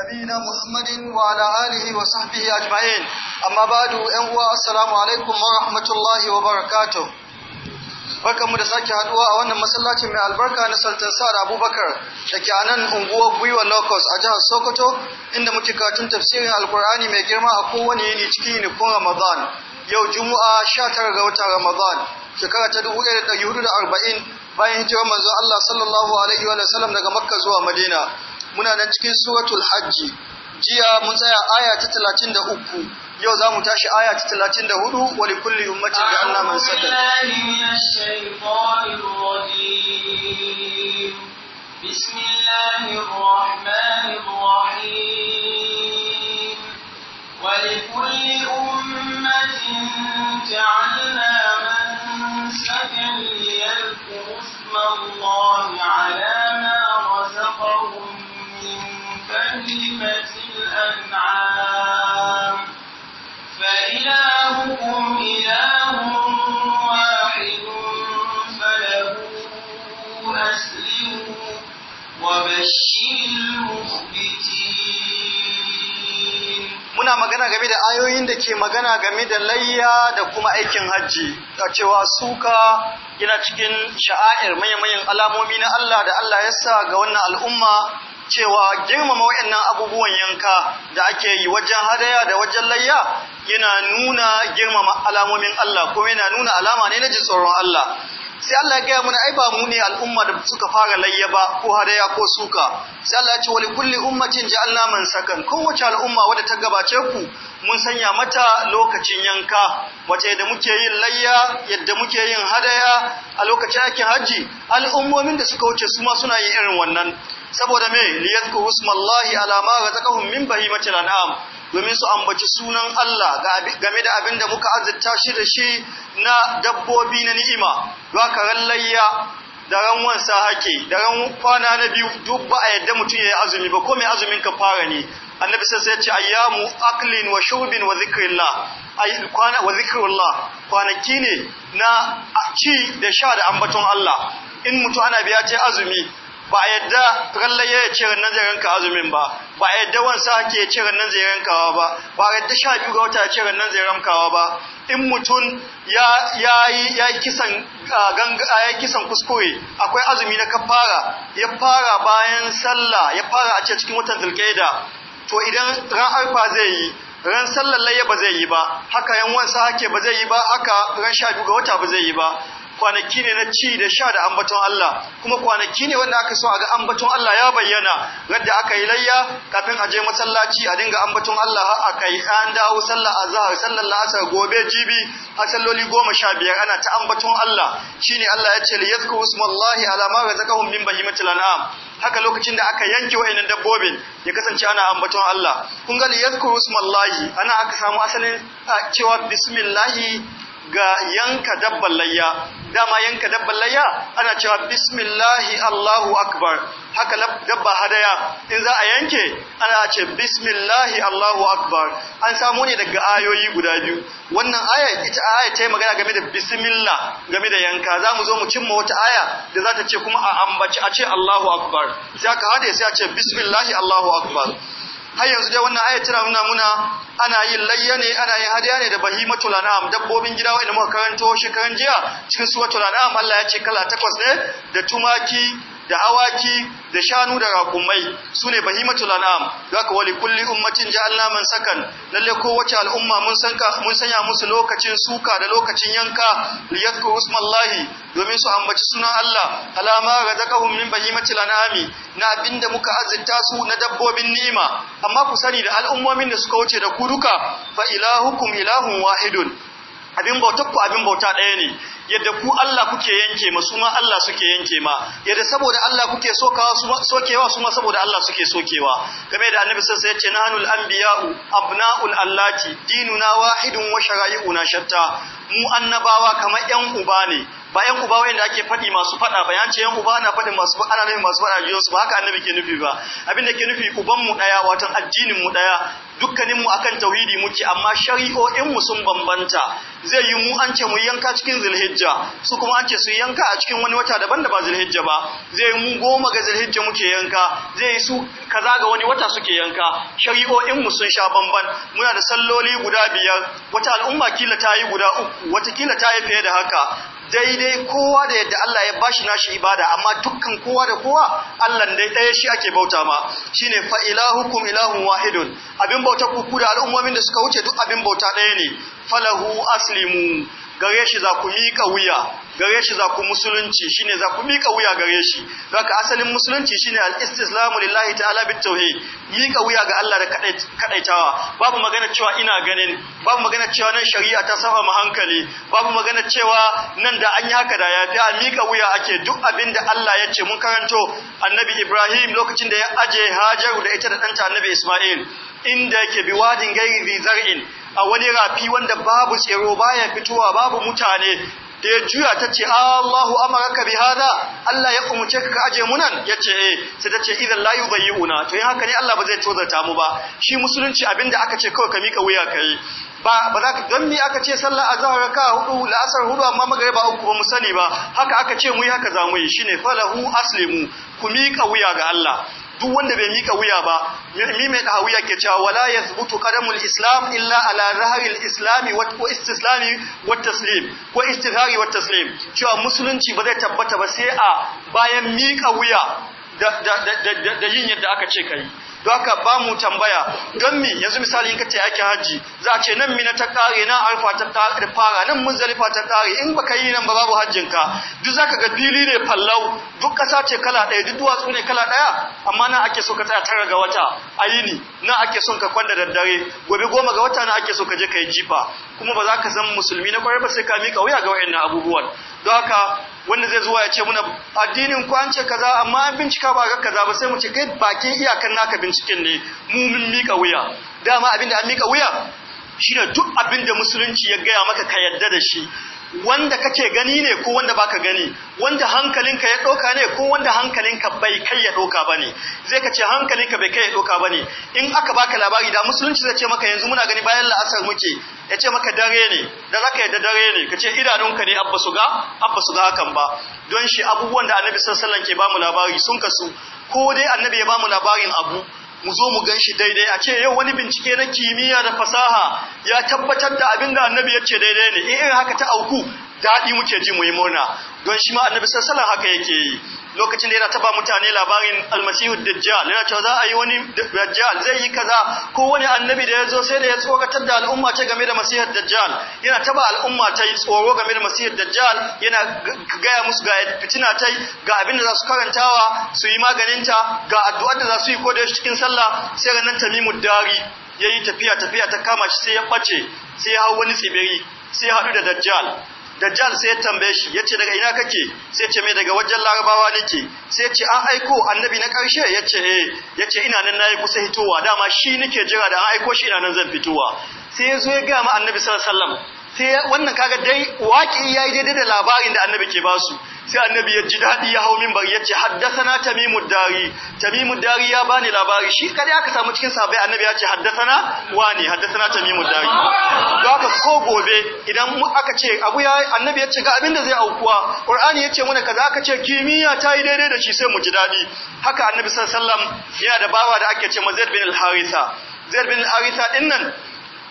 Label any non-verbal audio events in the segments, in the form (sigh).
نبينا محمد وعلى آله وصحبه أجمعين أما بعد أنواع السلام عليكم ورحمة الله وبركاته barkanmu da sake haduwa a wannan masallacin mai albarka na Sultan Sa'ad Abubakar da ke a nan unguwar Gwiwa Locust a jihar Sokoto inda muke katun tafsirin Alkur'ani mai girma a kowane yini cikin yinikun Ramadan yau Juma'a 19 ga watan Ramadan shekara ta 1440 bayan hijirar manzo Allah sallallahu alaihi wa sallam daga Makka zuwa Madina muna nan cikin suratul hajji jiya mun tsaya aya ta 33 yau zamu tashi aya ta 34 wa wani ummatin ja'alna man sadaka بسم الله الرحمن الرحيم ولكل أمة جعلنا اسم الله muna magana game da ayoyin da ke magana game da layya da kuma aikin hajji A cewa suka yana cikin sha'air manyan alamomi na Allah da Allah ya sa ga wannan al'umma cewa girmama waɗannan abubuwan yanka da ake yi wajen hadaya da wajen layya yana nuna girmama alamomin Allah kuma yana nuna alama ne na jin tsoron Allah sai Allah ya gaya mana ai ba mu ne al'umma da suka fara layya ba ko hadaya ko suka sai Allah ya ce wali kulli ummatin ja'alna man sakan kowace al'umma wadda ta gabace ku mun sanya mata lokacin yanka wace da muke yin layya yadda muke yin hadaya a lokacin aikin haji al'ummomin da suka wuce su ma suna yin irin wannan saboda me liyadhkuru usmallahi ala ma razaqahum min bahimatil an'am domin su ambaci sunan Allah game da abin da muka azurta shi da shi na dabbobi na ni'ima don ka layya da ran wansa hake da ran kwana na biyu duk ba a yadda mutum ya yi azumi ba ko mai azumin ka fara ne annabi sai ya ce ayyamu aklin wa shurbin wa zikrillah ay kwana wa zikrullah kwanaki ne na ci da sha da ambaton Allah in mutu ana biya ce azumi ba a yadda rallaye ya ce rannan zai ranka azumin ba ba a yadda wansa ake ya ce nan zai rankawa ba ba a yadda sha biyu ga wata ya ce nan zai rankawa ba in mutum ya yi kisan kisan kuskure akwai azumi na kafara ya fara bayan sallah ya fara a ce cikin watan zulkaida to idan ran arfa zai yi ran sallar layya ba zai yi ba haka yan wansa hake ba zai yi ba haka ran sha biyu ga wata ba zai yi ba kwanaki ne na ci da sha da ambaton Allah kuma kwanaki ne wanda aka so a ga ambaton Allah ya bayyana radda aka yi layya kafin a je masallaci a dinga ambaton Allah har aka yi an dawo sallar azhar sallar la'asar gobe jibi har salloli goma sha biyar ana ta ambaton Allah shine Allah ya ce yazku ismallahi ala ma razaqahum min bahimatil an'am haka lokacin da aka yanke wa'annan dabbobin ya kasance ana ambaton Allah kun ga yazku ismallahi ana aka samu asalin cewa bismillahi ga yanka dabban layya dama yanka dabbar layya ana cewa bismillahi Allahu akbar haka dabba hadaya in za a yanke ana ce bismillahi Allahu akbar an samu ne daga ayoyi guda biyu wannan aya ita aya ta yi magana game da bismillah game da yanka za mu zo mu cimma wata aya da za ta ce kuma a ambaci a ce Allahu akbar sai aka hade sai a ce bismillahi Allahu akbar har yanzu dai wannan ayat tana nuna muna ana yin layya ne ana yin hadiya ne da bahimatul an'am dabbobin gida wanda muka karanto shekaran jiya cikin suratul an'am Allah ya ce kala takwas ne da tumaki da awaki da shanu da rakumai sune bahimatul an'am ka wali kulli ummatin ja'alna man sakan lalle kowace al'umma mun mun sanya musu lokacin suka da lokacin yanka liyadku usmallahi domin su ambaci sunan Allah alama razaqahum min bahimatil an'ami na abinda muka azurta su na dabbobin ni'ima amma ku sani da al'ummomin da suka wuce da ku duka fa ilahukum ilahun wahidun abin bautar ku abin bauta ɗaya ne yadda ku Allah kuke yanke ma su ma Allah suke yanke ma yadda saboda Allah kuke sokawa su sokewa suma saboda Allah suke sokewa game da annabi sai ya ce nahnul anbiya'u abna'ul allati dinuna wahidun wa shara'i'una shatta mu annabawa kamar yan uba ne Bayan uba wanda ake faɗi masu faɗa bayan ce yan uba ana faɗin masu ana ne masu fada jiyo su ba haka annabi ke nufi ba Abin da ke nufi uban mu daya watan addinin mu daya dukkanin mu akan tauhidi muke amma shari'o'in mu sun bambanta zai yi mu an ce mu yanka cikin zulhijja su kuma an ce su yanka a cikin wani wata daban da ba zulhijja ba zai yi mu goma ga zulhijja muke yanka zai yi su kaza ga wani wata suke yanka shari'o'in mu sun sha bamban muna da salloli guda biyar wata al'umma kila ta yi guda uku wata kila ta yi fiye da haka daidai kowa da yadda Allah ya bashi nashi ibada amma dukkan kowa da kowa Allah dai ɗaya shi ake bauta ma shine fa ilahukum ilahun wahidun abin bauta ku ku da al'ummomin da suka wuce duk abin bauta ɗaya ne falahu aslimu gare shi za ku miƙa wuya gare shi za ku musulunci shi ne za ku mika wuya gare shi ka asalin musulunci shine al-istislamu lillahi ta'ala bit tauhid mika wuya ga Allah da kaɗaitawa babu magana cewa ina ganin babu magana cewa nan shari'a ta saba mu hankali babu magana cewa nan da an yi haka da ya fi a mika wuya ake duk abin da Allah ya ce mun karanto annabi Ibrahim lokacin da ya aje Hajaru da ita da ɗanta annabi Isma'il inda yake biwadin gairi zar'in a wani rafi wanda babu tsiro baya fitowa babu mutane da ya juya ta ce Allahu ka bi hada Allah ya umuce ka aje mu nan yace eh sai ta ce idan yi una. to in haka ne Allah ba zai tozarta mu ba shi musulunci abinda aka ce kawai ka mika wuya kai ba ba za ka don ni aka ce sallah azhar ka hudu la'asar hudu amma ba uku ba mu sani ba haka aka ce mu yi haka za mu yi shine falahu aslimu ku mika wuya ga Allah duk wanda bai mika wuya ba mi mai dahawiya ke cewa wala yathbutu qadamul islam illa ala rahril islami wa istislami wa taslim ko istihari wa taslim cewa musulunci ba zai tabbata ba sai a bayan mika wuya da da da yin yadda aka ce kai doka ba mu tambaya don mi yanzu misali in ka ce ake hajji za a ce nan mi na ta kare na alfa ta fara nan mun zalifa ta kare in ka yi nan ba babu hajjin ka duk zaka ga fili ne fallau duk kasa ce kala ɗaya duk duwatsu ne kala ɗaya amma nan ake so ka tsaya tara ga wata a ni nan ake son ka kwanda daddare gobe goma ga wata na ake so ka je ka yi jifa kuma ba za ka zama musulmi na kwarai ba sai ka miƙa wuya ga wa'annan abubuwan don haka wanda zai zuwa ya ce muna addinin kwance kaza amma an bincika ba ga kaza ba sai mu ce kai bakin iyakan naka binciken ne mu mun mika wuya dama abinda an mika wuya shine duk abinda musulunci ya gaya maka ka yadda da shi wanda kake gani ne ko wanda baka gani wanda hankalinka ya doka ne ko wanda hankalinka bai kai ya doka bane zai kace hankalinka bai kai ya doka bane in aka baka labari da musulunci zai ce maka yanzu muna gani bayan la'asar muke ya ce maka dare ne da zaka da dare ne kace idanunka ne abba su ga abba su ga hakan ba don shi abubuwan da annabi sallallahu alaihi wasallam ke bamu labari sun kasu ko dai annabi ya bamu labarin abu mu zo mu gan shi daidai a ce yau wani bincike na kimiyya da fasaha ya tabbatar da abin da annabi ya ce daidai ne in haka ta auku daɗi muke ji mu yi murna don shi ma annabi sallallahu haka yake yi lokacin da yana taba mutane labarin almasihu dajjal yana cewa za a yi wani dajjal zai yi kaza ko wani annabi da ya zo sai da ya tsokatar da al'umma ce game da masihar dajjal yana taba al'umma ta yi tsoro game da masihar dajjal yana gaya musu ga fitina ta ga abin da za su karantawa su yi maganinta ga addu'ar da za su yi ko da cikin sallah sai ranar tamimu dari ya yi tafiya tafiya ta kama shi sai ya ɓace sai ya hau wani tsibiri sai ya haɗu da dajjal Dajjal sai ya tambaye shi yace daga ina kake sai ce mai daga wajen Larabawa nake sai ce an aiko annabi na karshe yace eh yace ina nan nayi kusa hitowa dama shi nake jira da an aiko shi ina nan zan fitowa sai ya zo ya ga ma annabi sallallahu alaihi wasallam sai wannan kaga dai waki yayi daidai da labarin da annabi ke basu sai annabi ya ji dadi ya hau minbar ya ce haddathana tamimud dari tamimud dari ya bani labari shi kada aka samu cikin sahabbai annabi ya ce haddathana wani haddathana tamimud dari don haka ko gobe idan aka ce abu ya annabi ya ce ga abinda zai aukuwa qur'ani ya ce mana kaza aka ce kimiyya ta yi daidai da shi sai mu ji dadi haka annabi sallallahu alaihi wasallam yana da bawa da ake ce mazid bin al-harisa zaid bin al-harisa dinnan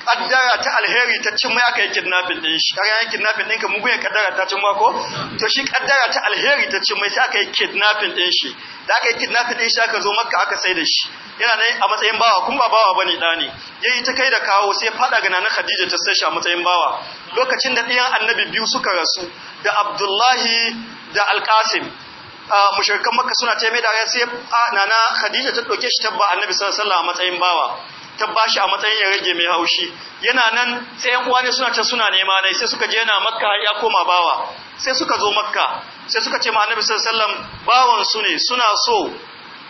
kaddara ta alheri ta cin mai aka yi kidnapping din shi kaga yayin kidnapping din ka mugun ya kaddara ta cin mako to shi kaddara ta alheri ta cin mai sai aka yi kidnapping din shi da aka yi kidnapping din shi aka zo makka aka sai da shi yana nan a matsayin bawa kun ba bawa bane dani yayi ta kai da kawo sai fada ga nana Khadija ta sai shi a matsayin bawa lokacin da ɗayan annabi biyu suka rasu da Abdullahi da Alqasim mushirkan maka suna taimai da da sai nana Khadija ta ɗauke shi tabba annabi sallallahu alaihi wasallam a matsayin bawa ta bashi a matsayin ya rage mai haushi yana nan sai yan uwa suna ta suna nema ne sai suka je yana makka ya koma bawa sai suka zo makka sai suka ce ma annabi sallallahu alaihi bawan su ne suna so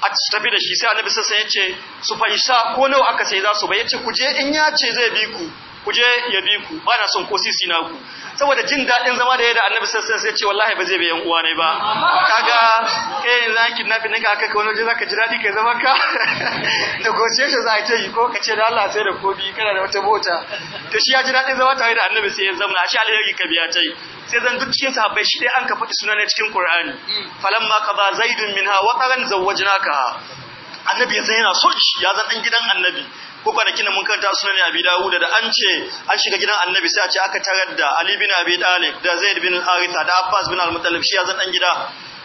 a tafi da shi sai annabi sallallahu alaihi wasallam ya ce su fansa ko nawa aka sai za su ba ya ce ku je in ya ce zai bi ku ku je ya bi ku ba na son ko sisi na ku saboda jin daɗin zama da yayin da annabi wasallam ya ce wallahi ba zai bi yan uwa ne ba kaga kai yanzu an ne ka aka kai wani zaka ji daɗi kai zama ka (laughs) negotiation za a ce yi ko ka ce da Allah sai da kobi kana da wata bota to shi ya ji daɗin zama tare da annabi sai ya zama a shi alheri ka biya tai sai zan duk cikin sahabbai shi dai an ka faɗi sunan cikin Qur'ani falamma qada zaidun minha wa qaran zawwajnaka annabi zai yana so shi ya zan dan gidan annabi ko kwanakin kina mun karanta sunan Abi Dawud da an ce an shiga gidan Annabi sai a ce aka tarar da Ali bin Abi Talib da Zaid bin Haritha da Abbas bin Al-Muttalib shi ya zan dan gida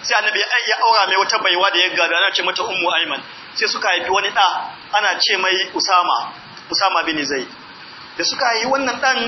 sai Annabi ya aura mai wata baiwa da ya gado ana ce mata Ummu Aiman sai suka haifi wani da ana ce mai Usama Usama bin Zaid da suka haifi wannan dan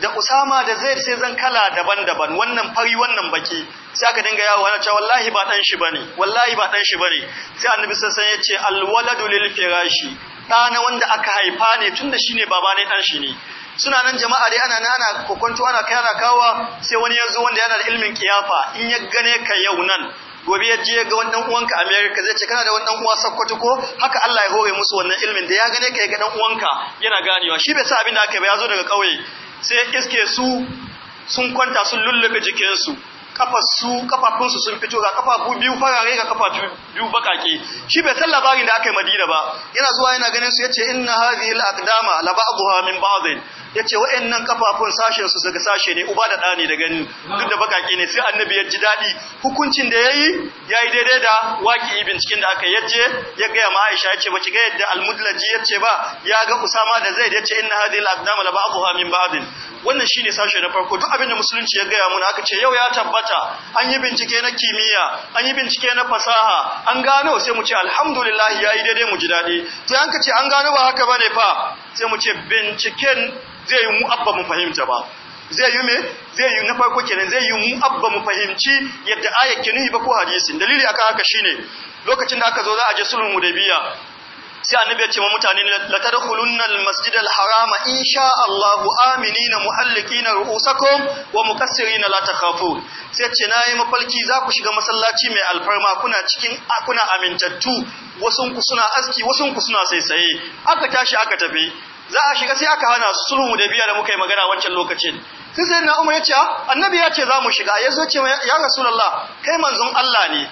da Usama da Zaid sai zan kala daban-daban wannan fari wannan baki sai aka dinga yawo ana cewa wallahi ba dan shi bane wallahi ba dan shi bane sai Annabi sai alaihi ya ce waladu lil firashi ɗa na wanda aka haifa ne tun da shi ne baba ne ɗan shi ne suna nan jama'a dai ana nana kokonto ana kai ana kawa sai wani ya zo wanda yana da ilmin kiyafa in ya gane ka yau nan gobe ya je ga wannan uwanka America zai ce kana da wannan uwa Sakkwato ko haka Allah ya hore musu wannan ilmin da ya gane ka ya ga dan uwanka yana ganewa shi bai sa abin da aka yi ba ya zo daga kauye sai iske su sun kwanta sun lullube jikinsu kafasu kafafunsu sun fito ga kafafu biyu farare ga kafafu biyu bakake shi bai san labarin da aka yi Madina ba yana zuwa yana ganin su yace inna hadhihi al-aqdama la ba'dha min ba'd ya ce kafafun kafafun sashensu daga sashe ne uba da ɗa da gani duk da bakake ne sai annabi ya ji daɗi hukuncin da ya yi ya yi daidai da waƙi binciken da aka yadda ya gaya ma aisha ya ce ba ci ga yadda almudlaji ya ce ba ya ga usama da zai ya ce hadi hadhihi al-aqdam la ba'dhuha min wannan wannan ne sashe na farko duk abin da musulunci ya gaya muna aka ce yau ya tabbata an yi bincike na kimiyya an yi bincike na fasaha an gano sai mu ce alhamdulillah yi daidai mu ji daɗi to yanka ce an gano ba haka ba bane fa sai mu ce binciken zai yi mu abba mu fahimta ba zai yi me zai yi na farko kenan zai yi mu abba mu fahimci yadda ayat ke ba ko hadisin dalili akan haka shine lokacin da aka zo za a je sulhu mudabiya sai annabi ya ce wa mutane la tadkhulunna al-masjid insha Allah aminina muhallikina ru'usakum wa mukassirina la takhafun sai ce nayi mafalki za ku shiga masallaci mai alfarma kuna cikin kuna amintattu wasun ku suna aski wasun ku suna saisaye aka tashi aka tafi za a shiga sai aka hana su sulhu da biya da muka yi magana wancan lokacin sai sai na umar ya ce ah, annabi ya ce za mu shiga ya zo ce ya rasulullah kai manzon Allah ne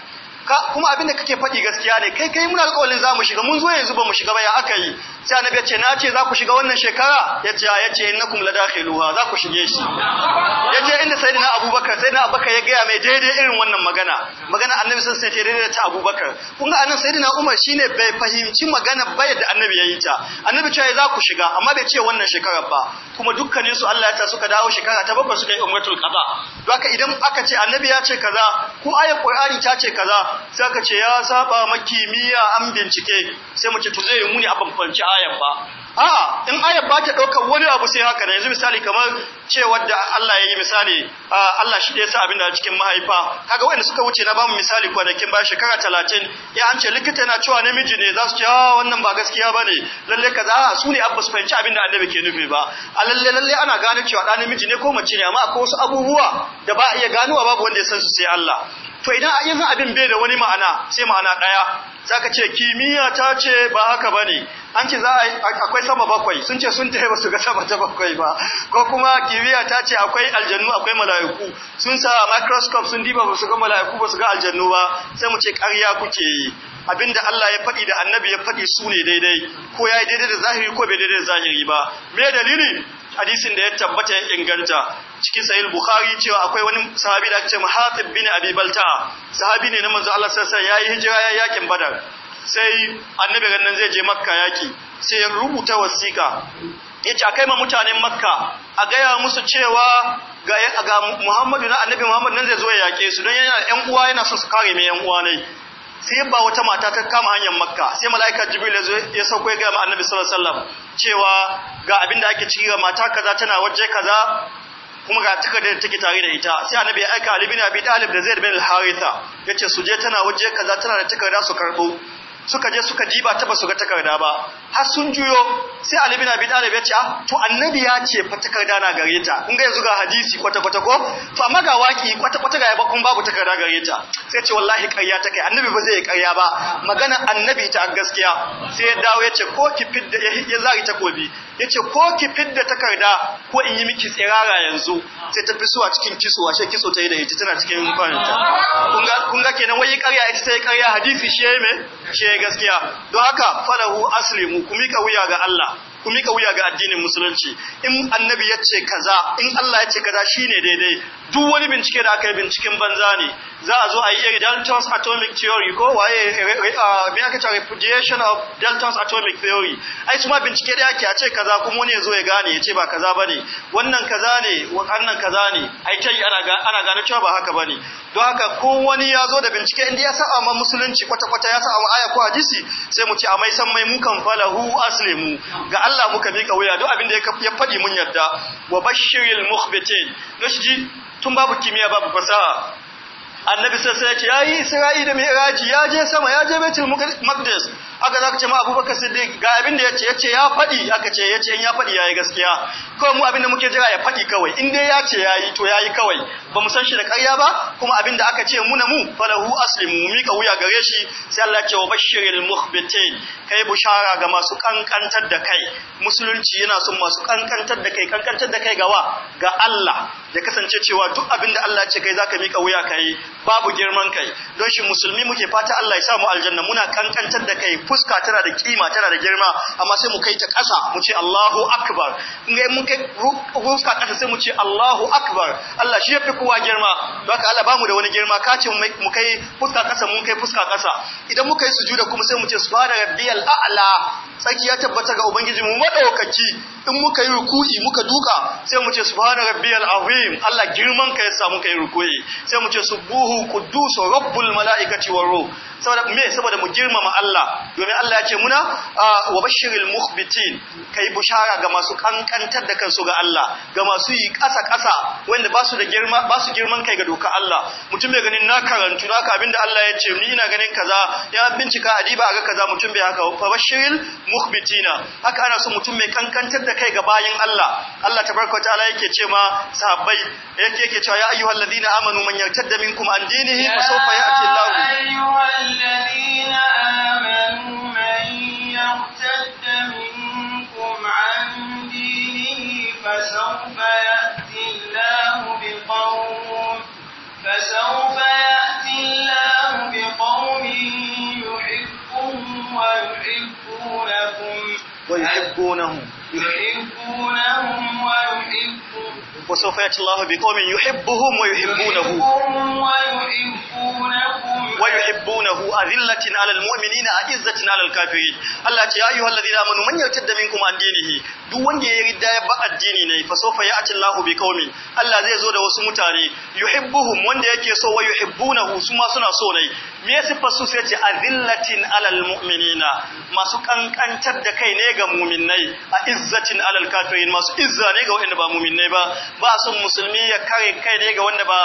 kuma abinda kake faɗi gaskiya ne kai kai muna alƙawarin za mu shiga mun zo yanzu ba mu shiga ba ya aka yi sai annabi ya ce na ce za ku shiga wannan shekara ya ce ya ce innakum ladakhiluha za ku shige shi ya ce inda sayyidina abubakar sayyidina abubakar ya gaya mai daidai irin wannan magana magana annabi sun sai daidai ta abubakar kun ga annabi sayyidina umar shine bai fahimci magana ba yadda annabi ya yi ta annabi ce za ku shiga amma bai ce wannan shekarar ba kuma dukkanin su Allah ya ta suka dawo shekara ta bakwai suka yi umratul qada haka idan aka ce annabi ya ce kaza ko ayat qur'ani ta ce kaza sai ka ce ya saba makimiya an bincike sai mu ce to zai muni abin kwanci ayar ba a'a in ayar ba ta ɗaukar wani abu sai haka da yanzu misali kamar cewa da Allah ya yi misali Allah shi ɗaya sa abin da cikin mahaifa kaga wanda suka wuce na bamu misali kwanakin ba shekara talatin ya an ce likita yana cewa namiji ne za su ce wannan ba gaskiya ba ne lalle kaza su ne su fahimci abin da annabi ke nufi ba a lalle lalle ana gane cewa ɗan namiji ne ko mace ne amma akwai wasu abubuwa da ba a iya ganowa babu wanda ya san su sai Allah to idan an abin bai da wani ma'ana sai ma'ana ɗaya za ka ce kimiyya ta ce ba haka ba ne an ce za akwai sama bakwai sun ce sun tafi su ga sama ta bakwai ba ko kuma kimiyya ta ce akwai aljannu akwai mala'iku sun sa microscope sun diba ba su ga mala'iku ba su ga aljannu ba sai mu ce ƙarya kuke yi abinda Allah ya faɗi da annabi ya faɗi su ne daidai ko ya yi daidai da zahiri ko bai daidai da zahiri ba me dalili hadisin da ya tabbata ya inganta cikin sahih bukhari cewa akwai wani sahabi da ake ce bin Abi Balta'a sahabi ne na manzo Allah sallallahu alaihi wasallam yayi hijira ya yakin Badar sai annabi ganin zai je Makka yaki sai ya rubuta wasiƙa yace akai ma mutanen Makka a gaya musu cewa ga Muhammadu na annabi Muhammad nan zai zo ya yake su don yana ƴan uwa yana son su kare mai ƴan uwa ne sai ba wata mata ta kama hanyar makka sai mala'ika jibril ya sauko ya gama annabi sallallahu alaihi wasallam cewa ga abin da ake cikin mata kaza tana waje kaza kuma ga tuka da take tare da ita sai annabi ya aika ali bin abi talib da zaid bin al-haritha yace su je tana waje kaza tana da takarda su karbo suka je suka jiba ta ba su ga takarda ba har sun juyo sai Ali na Abi ya ce ah, to annabi ya ce fa na gare ta in ga yanzu ga hadisi kwata kwata ko to amma waki kwata kwata ga ba kun babu takarda gare ta sai ce wallahi karya ta kai annabi ba zai yi ƙarya ba magana annabi ta gaskiya sai ya dawo ya ce ko ki fidda ya zari takobi ya ce ko ki fidda takarda ko in yi miki tsirara yanzu sai ta fi suwa cikin kiso shi kiso ta yi da ita tana cikin kwanta kun ga kenan wai karya. ita ta yi ƙarya hadisi shi ya yi me shi ya gaskiya don haka falahu aslimu ku mika wuya ga Allah ku mika wuya ga addinin musulunci in annabi ya ce kaza in Allah ya ce kaza shine daidai duk wani bincike da aka yi binciken banza ne za a zo a yi Dalton's atomic theory ko waye me aka ce repudiation of Dalton's atomic theory ai su ma bincike da yake a ce kaza kuma wani ya zo ya gane ya ce ba kaza ne wannan kaza ne wannan kaza ne ai ta ana ana gane cewa ba haka ba ne. don haka ko wani ya zo da bincike inda ya a ma musulunci kwata kwata ya sa a aya ko hadisi sai mu ce a mai san mai mun kan ne aslimu ga Allah muka mika wuya duk abin da ya faɗi mun yarda wa bashiril mukhbitin don shi tun babu kimiyya babu fasaha annabi sai ya ce yayi yi da miraji ya je sama ya je betul maqdis aka za ce ma abubakar siddiq ga abin da ya ce ya fadi aka ce ya in ya faɗi yayi gaskiya kawai mu abin da muke jira ya faɗi kawai in dai yace yayi to yayi kawai ba mu san shi da ƙarya ba kuma abin da aka ce muna mu falahu aslimu mika wuya gare shi sai Allah ce wa bashiril muhbitin kai bushara ga masu kankantar da kai musulunci yana son masu kankantar da kai kankantar da kai gawa ga Allah Ya kasance cewa duk abin da Allah ce kai zaka mika wuya kai babu girman kai don shi musulmi muke fata Allah ya sa aljanna muna kankantar da kai fuska tana da kima tana da girma amma sai mu kai ta ƙasa mu ce Allahu akbar in ga mun kai fuska ƙasa sai mu ce Allahu akbar Allah shi yafi kowa girma don haka Allah bamu da wani girma ka ce mu kai fuska ƙasa mun kai fuska ƙasa idan muka yi sujuda kuma sai mu ce subhana rabbiyal a'la tsaki ya tabbata ga ubangiji mu madaukaki in muka yi ruku'i muka duka sai mu ce subhana rabbiyal azim Allah girman ka ya sa muka yi ruku'i sai mu ce ismuhu quddus rabbul malaikati war ruh saboda me saboda mu girmama Allah domin Allah ya ce muna ah, wa bashiril mukhbitin kai bushara ga masu kankantar da kansu ga Allah ga masu yi kasa kasa wanda ba su da girma ba su girman kai ga doka Allah mutum bai ganin na karantu na ka abinda Allah ya ce ni ina ganin kaza ya bincika adiba ga kaza mutum bai haka fa bashiril mukhbitina haka ana so mutum mai kankantar da kai ga bayin Allah Allah tabaraka wa ta'ala yake ce ma sahabbai yake yake cewa ya ayyuhallazina amanu man yartadda minkum an عن دينه فسوف يأتي الله أيها الذين آمنوا من يرتد منكم عن دينه فسوف يأتي الله بقوم فسوف يأتي الله بقوم يحبهم ويحبونكم ويحبونه يحبونهم وسوف يأتي الله بقوم يحبهم ويحبونه ويحبونه أذلة على المؤمنين أعزة على الكافرين الله يا أيها الذين آمنوا من يرتد منكم عن دينه duk wanda ya yarda ya ba addini ne fa sofa ya'ti Allahu bi Allah zai zo da wasu mutane yuhibbuhum wanda yake so wa yuhibbunahu su suna so ne me sifar su sai ce azillatin alal mu'minina masu kankantar da kai ne ga mu'minnai a izzatin alal kafirin masu izza ne ga wanda ba mu'minnai ba ba son musulmi ya kare kai ne ga wanda ba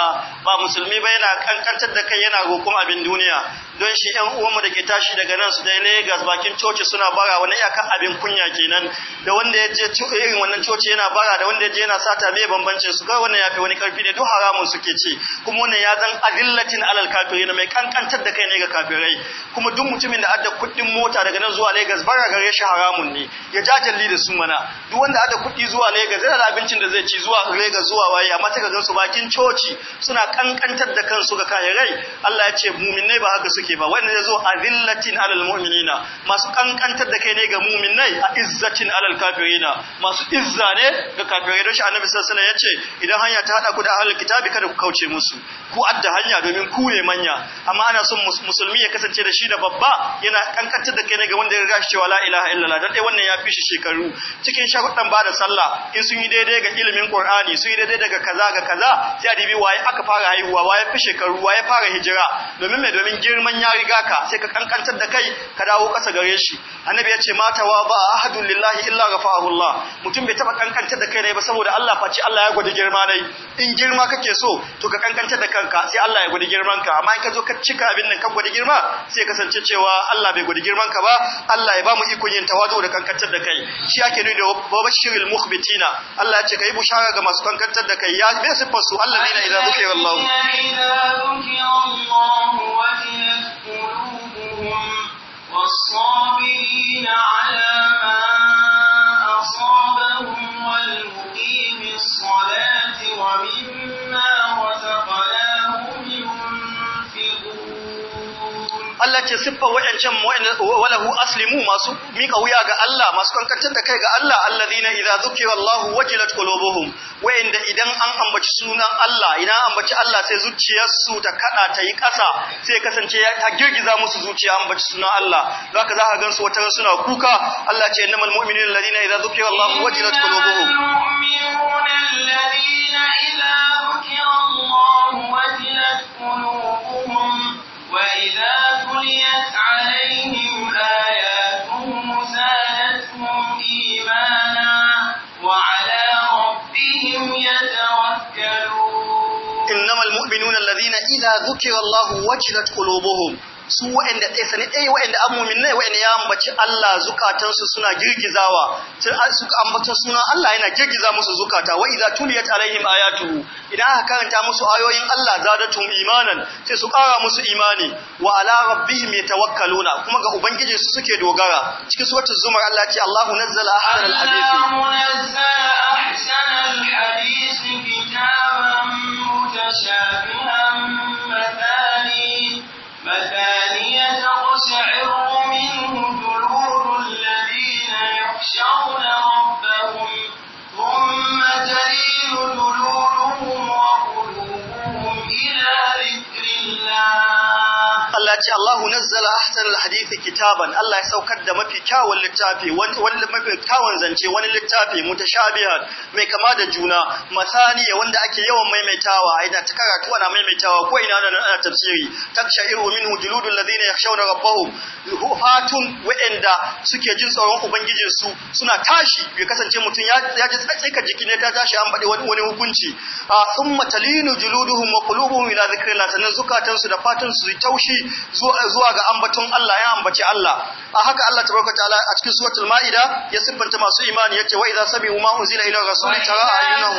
ba musulmi ba yana kankantar da kai yana roƙon abin duniya don shi ‘yan uwanmu da ke tashi daga nan su dai Legas bakin coci suna bara wani iyakar abin kunya kenan da wanda ya je irin wannan coci yana bara da wanda ya je yana sata bai bambancin su kawai wannan ya fi wani karfi ne duk haramun suke ci kuma wannan ya zan adillatin alal kafiri na mai kankantar da kai ne ga kafirai kuma duk mutumin da adda kuɗin mota daga nan zuwa Lagos bara gare shi haramun ne ya jajalli da su mana duk wanda adda kuɗi zuwa Lagos yana da abincin da zai ci zuwa Lagos zuwa waye amma ta ga su bakin coci suna kankantar da kansu ga kafirai Allah ya ce mu'minai ba haka suke ba wanda ya zo azillatin alal mu'minina masu kankantar da kai ne ga mu'minai a izzatin alal kafirina masu izza ne ga kafirai don shi annabi sallallahu alaihi wasallam ya ce idan hanya ta hada ku da ahlul kitabi kada ku kauce musu ku adda hanya domin ku ne manya amma ana so mutum musulmi ya kasance da shi da babba yana kankantar da kai ne ga wanda ya gashi cewa la ilaha illallah dan dai wannan ya fi shi shekaru cikin shahudan ba da sallah in sun yi daidai ga ilimin Qur'ani sun yi daidai daga kaza ga kaza sai a dibi waye aka fara haihuwa waye fi shekaru waye fara hijira domin mai domin girman ya riga ka sai ka kankantar da kai ka dawo kasa gare shi annabi ya ce mata wa ba ahadun lillahi illa ghafahu Allah mutum bai taba kankantar da kai ne ba saboda Allah face Allah ya gwada girma ne in girma kake so to ka kankantar da kanka sai Allah ya gwada girman ka amma in ka zo ka cika abin nan kan gwada girma sai kasance cewa Allah bai gwada girman ka ba Allah ya ba mu ikon yin tawazu da kankantar da kai shi ake nuna wa bashiril mukhbitina Allah ya ce kai bushara ga masu kankantar da kai ya bai sifar su Allah والصابرين على ما أصابهم والمقيم الصلاة Allah ce siffa wa'ancan walahu aslimu masu mika wuya ga Allah masu kankantar da kai ga Allah alladhina idza dhukira Allah wajilat qulubuhum wa'inda idan an ambaci sunan Allah idan ambaci Allah sai zuciyarsu ta kada ta yi kasa sai kasance ta girgiza musu zuciya ambaci sunan Allah zaka gan gansu wata suna kuka Allah ce innamal mu'minuna alladhina idza dhukira Allah wajilat qulubuhum zukira Allah wajilat qulubuhum su waɗanda ɗaya sani ɗaya waɗanda an mumin ne ya ambaci Allah zukatansu suna girgizawa tun an suka ambata suna Allah yana girgiza musu zukata wa idza tuliyat alaihim ayatuhu idan aka karanta musu ayoyin Allah zadatum imanan sai su ƙara musu imani wa ala rabbihim yatawakkaluna kuma ga ubangiji su suke dogara cikin suratul zumar Allah ce Allahu nazzala ahsanal hadith Allahu nazzala ahsanal hadith kitaban mutashabihan نزل ahsanul hadith kitaban Allah ya saukar da mafi kyawun littafi wani mafi kyawun zance wani littafi mutashabihan mai kama da juna masaniya wanda ake yawan maimaitawa aida ta karatu ana maimaitawa ko ina da ana tafsiri takshairu minhu juludul ladina yakhshawna rabbahum hufatun wa'anda suke jin tsoron ubangijin su suna tashi bai kasance mutun ya ji ka jiki ne ta tashi an bade wani hukunci thumma talinu juluduhum wa qulubuhum ila zikrillah sanan su da fatan su taushi zuwa ga ambaton Allah ya ambaci Allah a haka Allah tabaraka ta'ala a cikin suratul maida ya siffanta masu imani yace wa idza sami'u ma unzila ila rasuli tara ayyunahum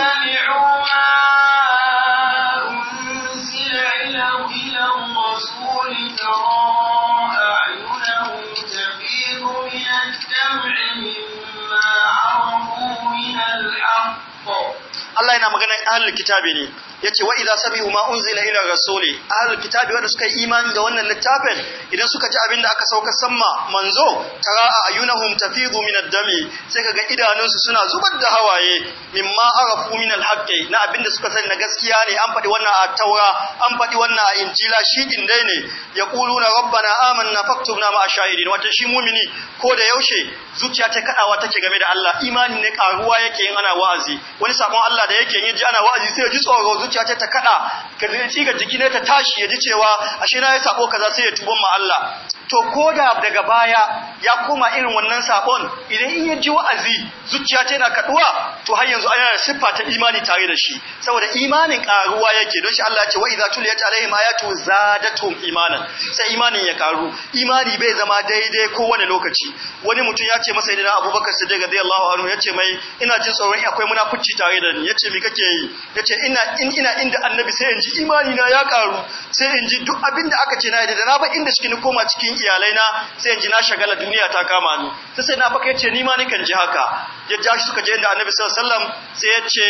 Allah yana maganar ahlul kitabi ne yace wa waiza sami'u ma unzila ila rasuli ahlul kitabi wanda suka yi imani da wannan littafin idan suka ji abin da aka sauka samma manzo tara ayunahum tafidu min ad-dami sai kaga idanunsu suna zubar da hawaye mimma arafu min al na abin da suka sani na gaskiya ne an faɗi wannan a taura an faɗi wannan a injila shi din dai ne na rabbana amanna faktubna ma ashahidin wato shi mumini ko da yaushe zuciya ta kaɗawa take game da Allah imani ne karuwa yake yin ana wa'azi wani sabon Allah da yake yin ji ana wa'azi sai ya ji tsoro zuciya ta kada ka ci ga jiki ne ta tashi ya ji cewa ashe na yi sako kaza sai ya tuba ma Allah to ko da daga baya ya koma irin wannan sabon idan in ya ji wa'azi zuciya ce na kaduwa to har yanzu ana siffa ta imani tare da shi saboda imanin karuwa yake don shi Allah ya ce wa idza tuliyat alaihim ayatu zadatuhum imanan sai imanin ya karu imani bai zama daidai kowane lokaci wani mutum ya ce masa idan Abubakar Siddiq radiyallahu anhu ya ce mai ina jin tsoron akwai munafici tare da ni yace me kake yi yace ina in ina inda annabi sai in ji imani na ya karu sai in ji duk abinda aka ce na da na ba inda shi ne koma cikin iyalai na sai in ji na shagala duniya ta kama ni sai sai na baka yace ni ma kan ji haka ya ja shi suka je inda annabi sallallahu alaihi wasallam sai yace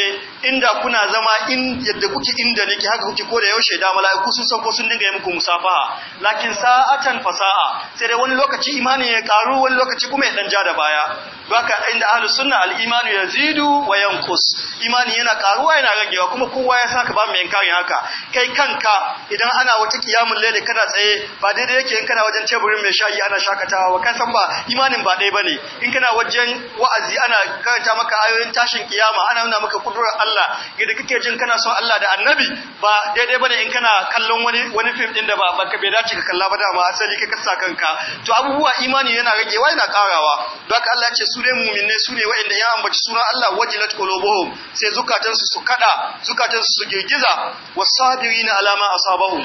inda kuna zama in yadda kuke inda nake haka kuke ko da yaushe da mala'iku sun sauko sun dinga yi muku musafaha lakin sa'atan fasaha, sai dai wani lokaci imani ya karu wani lokaci kuma ya dan ja da baya baka inda ahlus sunna al imanu yazidu wa yanqus imani yana karuwa yana ragewa kuma kowa ya saka ba mai kare haka kai kanka idan ana wata kiyamul laili kana tsaye ba daidai yake in kana wajen teburin mai shayi ana shakatawa ka san ba imanin ba dai bane in kana wajen wa'azi ana karanta maka ayoyin tashin kiyama ana nuna maka kudurar Allah idan kake jin kana son Allah da annabi ba daidai bane in kana kallon wani wani film din da ba baka bai dace ka kalla ba dama asali ka kasa kanka to abubuwa imani yana ragewa yana karawa baka Allah ya ce su su dai mu'minai su ne waɗanda ya ambaci suna Allah wajilat qulubuhum sai zukatansu su kada zukatansu su girgiza na alama a asabahum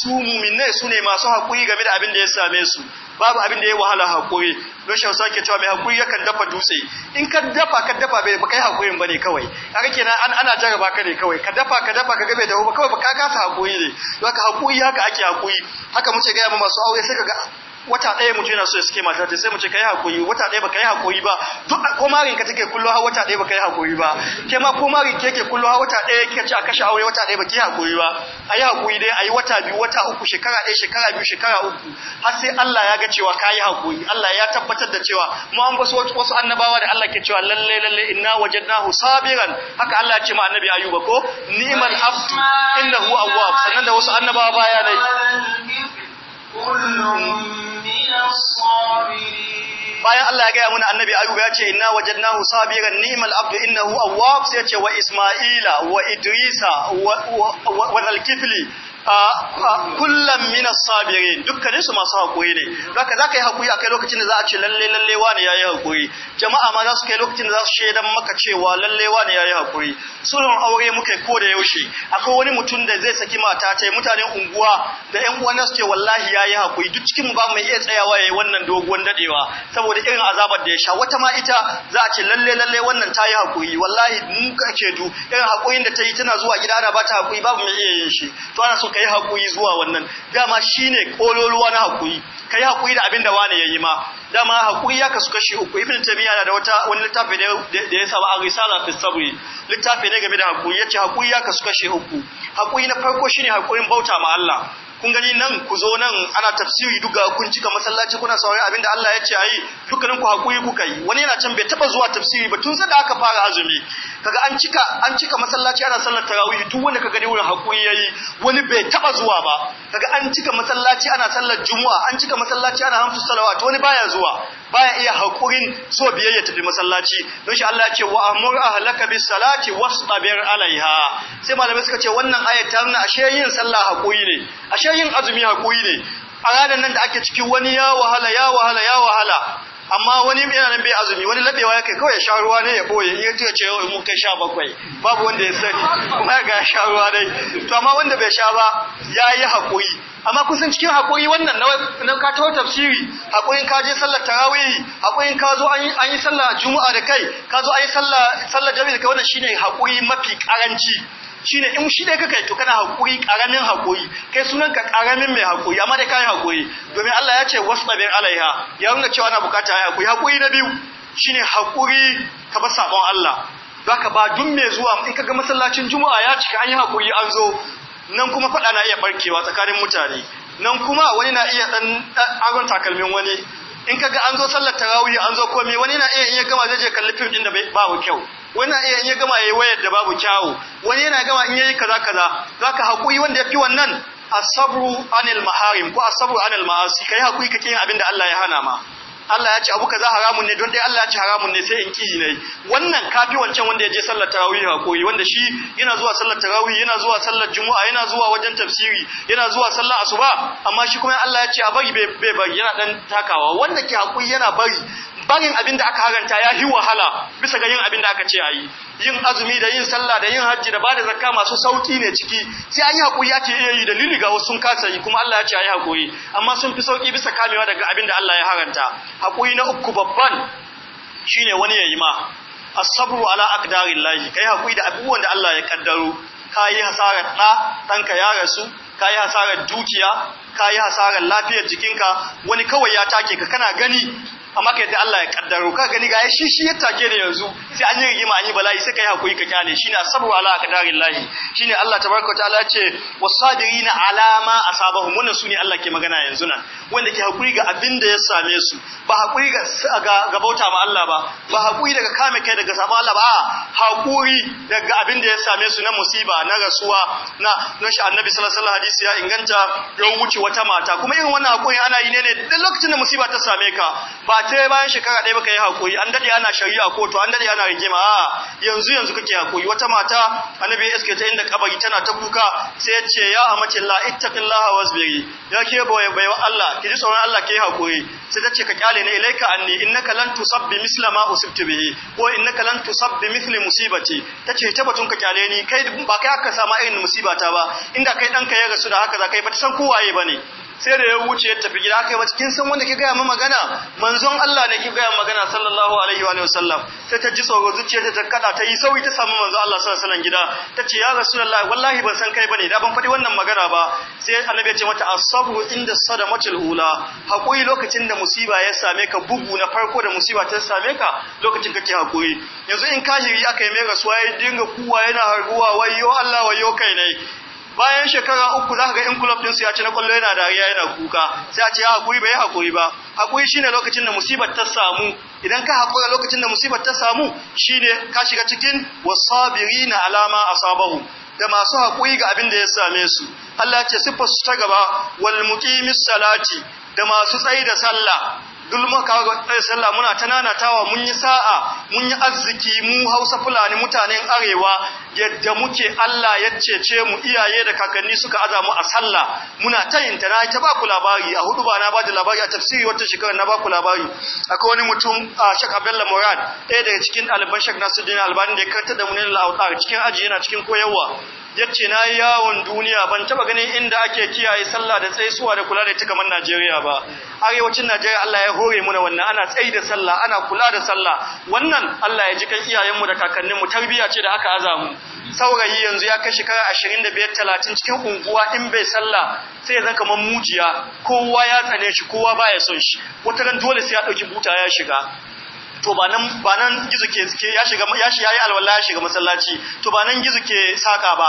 su mu'minai su ne masu hakuri game da abin da ya same su babu abin da ya wahala hakuri don sake cewa mai hakuri yakan dafa dutse in ka dafa ka dafa bai kai ba ne kawai a rike na ana jaraba ka ne kawai ka dafa ka dafa ka gabe da ba kawai ba ka kasa hakuri ne don haka hakuri haka ake hakuri haka mace gaya ma masu aure sai ka ga. wata ɗaya mu yana so ya suke mata sai mu ce kai hakuri wata ɗaya baka yi hakuri ba duk ko marin ka take kullu har wata ɗaya baka yi hakuri ba ke ma ko marin ke ke kullu har wata ɗaya ke ce a kashe aure wata ɗaya baki yi hakuri ba ayi hakuri dai ayi wata biyu wata uku shekara ɗaya shekara biyu shekara uku har sai Allah ya ga cewa ka yi hakuri Allah ya tabbatar da cewa mu an basu wasu annabawa da Allah ke cewa lalle lalle inna wajadnahu sabiran haka Allah ya ce ma annabi ayuba ko ni'mal abdu innahu awwab sannan da wasu annabawa baya dai bayan Allah ya gaya mana annabi ayuba ya ce inna wajadnahu sabiran ni'mal abdu innahu awwab sai ya ce wa isma'ila wa idrisa wa wa, wa, kullum minas sabiri dukkanin su masu hakuri ne haka za ka yi hakuri akai lokacin da za a ce lalle lalle wani yayi hakuri jama'a ma za su kai lokacin da za su shaidan maka cewa lalle wani yayi hakuri sulhun aure muka ko da yaushe akwai wani mutum da zai saki mata ta mutanen unguwa da uwa na su ce wallahi yayi hakuri duk cikin mu ba mu iya tsayawa yayi wannan doguwan dadewa saboda irin azabar da ya sha wata ma ita za a ce lalle lalle wannan ta yi hakuri wallahi mun kake du irin hakurin da ta yi tana zuwa gida ana ba ta hakuri babu mai iya yin shi to ana so ka yi haƙuri zuwa wannan dama shi ne ƙololuwa na haƙuri ka yi haƙuri da abin da wane ya yi ma dama hakuri ya kasu kashi uku ibn tamiya da wata wani littafi ne da ya saba ar-risala fi sabri littafi ne game da hakuri yace hakuri ya kasu kashi uku hakuri na farko shine hakuri bauta ma Allah kun gani nan ku zo nan ana tafsiri duka kun cika masallaci kuna sauraron abin da Allah ya ce ayi dukkanin ku hakuri kuka yi wani yana can bai taba zuwa tafsiri ba tun sai da aka fara azumi kaga an cika an cika masallaci ana sallar tarawih tun wanda kaga gani wurin hakuri yayi wani bai taba zuwa ba kaga an cika masallaci ana sallar juma'a an cika masallaci ana hamsu salawat wani baya zuwa zuwa baya iya hakurin so biyayya tafi masallaci don shi Allah ya ce wa amur ahlaka bis salati wastabir alaiha sai malamai suka ce wannan ayat ta nuna ashe yin sallah hakuri ne ashe yin azumi hakuri ne a ranar nan da ake cikin wani ya wahala ya wahala ya wahala amma wani yana nan bai azumi wani labewa ya kai kawai ya sha ruwa ne ya boye ya ce ce yau mun kai sha bakwai babu wanda ya sani kuma ga ya sha ruwa dai to amma wanda bai sha ba ya yi haƙuri amma kusan cikin hakuri wannan na ka taho tafsiri haƙurin ka je sallar tarawih haƙurin ka zo an yi sallar juma'a da kai ka zo an yi sallar sallar jami'a da kai wannan shine haƙuri mafi karanci shine in shi dai kai to kana hakuri karamin hakuri kai sunan ka karamin mai hakuri amma dai kai hakuri domin Allah ya ce wasbabin alaiha ya nuna cewa ana bukata hakuri hakuri na biyu shine hakuri ka ba sabon Allah zaka ba duk mai zuwa in ka ga masallacin juma'a ya cika an yi hakuri an zo nan kuma fada na iya barkewa tsakanin mutane nan kuma wani na iya dan agon takalmin wani in kaga an zo sallar tarawih an zo komai wani na iya in ya gama zai je kalli film din da babu kyau wani na iya in ya gama yayi wayar da babu kyawu wani yana gama in yayi kaza kaza zaka hakuri wanda yafi wannan asabru anil maharim ko asabru anil maasi kai hakuri kake yin abin da Allah ya hana ma Allah ya ce abu kaza haramun ne don dai Allah ya ce haramun ne sai in ki ne wannan kafi wancan wanda ya je sallar tarawih hakuri wanda shi yana zuwa sallar tarawih yana zuwa sallar juma'a yana zuwa wajen tafsiri yana zuwa sallar asuba amma shi kuma Allah ya ce a bari bai bari yana dan takawa wanda ke hakuri yana bari barin abin da aka haranta ya yi wahala bisa ga yin abin da aka ce a yi yin azumi da yin sallah da yin hajji da ba da zakka masu sauki ne ciki sai an yi hakuri ake iya yi dalili ga wasu sun kasa yi kuma Allah ya ce a hakuri amma sun fi sauki bisa kamewa daga abin da Allah ya haranta hakuri na uku babban shine wani ya yi ma as-sabru ala Ka kai hakuri da abubuwan da Allah ya kaddaro kayi hasarar da danka ya rasu kayi hasarar dukiya ka yi hasarar lafiyar jikinka wani kawai ya take ka kana gani amma kai da Allah ya kaddaro ka gani ga shi shi ya take da yanzu sai an yi rigima an yi bala'i sai kai hakuri ka kyale shine asabu ala Shi shine Allah tabaraka taala ce wasadirina a ma asabahum wannan sune Allah ke magana yanzu nan wanda ke hakuri ga abin da ya same su ba hakuri ga bauta ma Allah ba ba hakuri daga kame kai daga sabon Allah ba hakuri daga abin da ya same su na musiba na rasuwa na nashi annabi sallallahu alaihi wasallam hadisi ya inganta ya wuce wata mata kuma irin wannan hakuri ana yi ne ne duk lokacin da musiba ta same ka ba ta bayan shekara ɗaya baka yi hakuri an dade ana shari'a kotu an dade ana rigima a yanzu yanzu kake hakuri wata mata annabi ya iske ta inda kabari tana ta kuka sai ya ce ya amace la ittaqillaha wasbiri ya ke boye baiwa Allah ki ji tsoron Allah ke hakuri sai ta ce ka kyale ne ilaika anni innaka lan tusabbi misla ma usibtu bihi ko innaka lan tusabbi mithli musibati tace ta batun ka kyale ni kai ba kai aka sama irin musibata ba inda kai ka ya rasu da haka za kai ba ta san kowaye bane sai da ya wuce ya tafi gida aka yi kin san wanda ki gaya mu magana manzon Allah ne ki gaya magana sallallahu alaihi wa sallam sai ta ji tsoro zuciya ta kada ta yi sauyi ta samu manzon Allah sallallahu alaihi gida ta ce ya rasulullahi wallahi ban san kai bane da ban faɗi wannan magana ba sai annabi ya ce mata asabu inda sadamatul ula hakuri lokacin da musiba ya same ka bugu na farko da musiba ta same ka lokacin kake hakuri yanzu in kahiri aka yi mai rasuwa ya dinga kuwa yana harguwa wayo Allah wayo kai ne bayan shekara uku za ka ga in din ɗinsu ya ci na kwallo yana dariya yana kuka sai a ce ya ah, haƙuri bai hakuri ba Hakuri shine lokacin da musibar ta samu idan ka haƙura lokacin da musibar ta samu shine ka shiga cikin na alama a asabahu da masu hakuri ga abin da ya same su Allah ce siffar su ta gaba wal muqimis salati da masu tsayi da sallah dulma tsayi sallah muna ta nanatawa mun yi sa'a mun yi arziki mu Hausa Fulani mutanen arewa yadda muke Allah ya cece mu iyaye da kakanni suka aza mu a sallah muna ta yin na ta ba ku labari a hudu ba na ba da labari a tafsiri wata shekara na ba ku labari akwai wani mutum a Sheikh Abdullah Murad ɗaya daga cikin ɗaliban su Nasiruddin Albani da ya karta da mu ne la'autar cikin aji yana cikin koyarwa yace na yawon duniya ban taba ganin inda ake kiyaye sallah da tsaisuwa da kula da ita kamar Najeriya ba arewacin Najeriya Allah ya hore mu wannan ana tsayi da sallah ana kula da sallah wannan Allah ya ji kan iyayenmu da kakanninmu tarbiya ce da aka aza saurayi yanzu ya kai shekara biyar talatin cikin unguwa in bai sallah sai ya zaka mujiya kowa ya tsane shi kowa baya son shi wata ran dole sai ya dauki buta ya shiga to ba nan ba gizo ke ya shiga ya shi yayi alwala ya shiga masallaci to ba nan gizo ke saka ba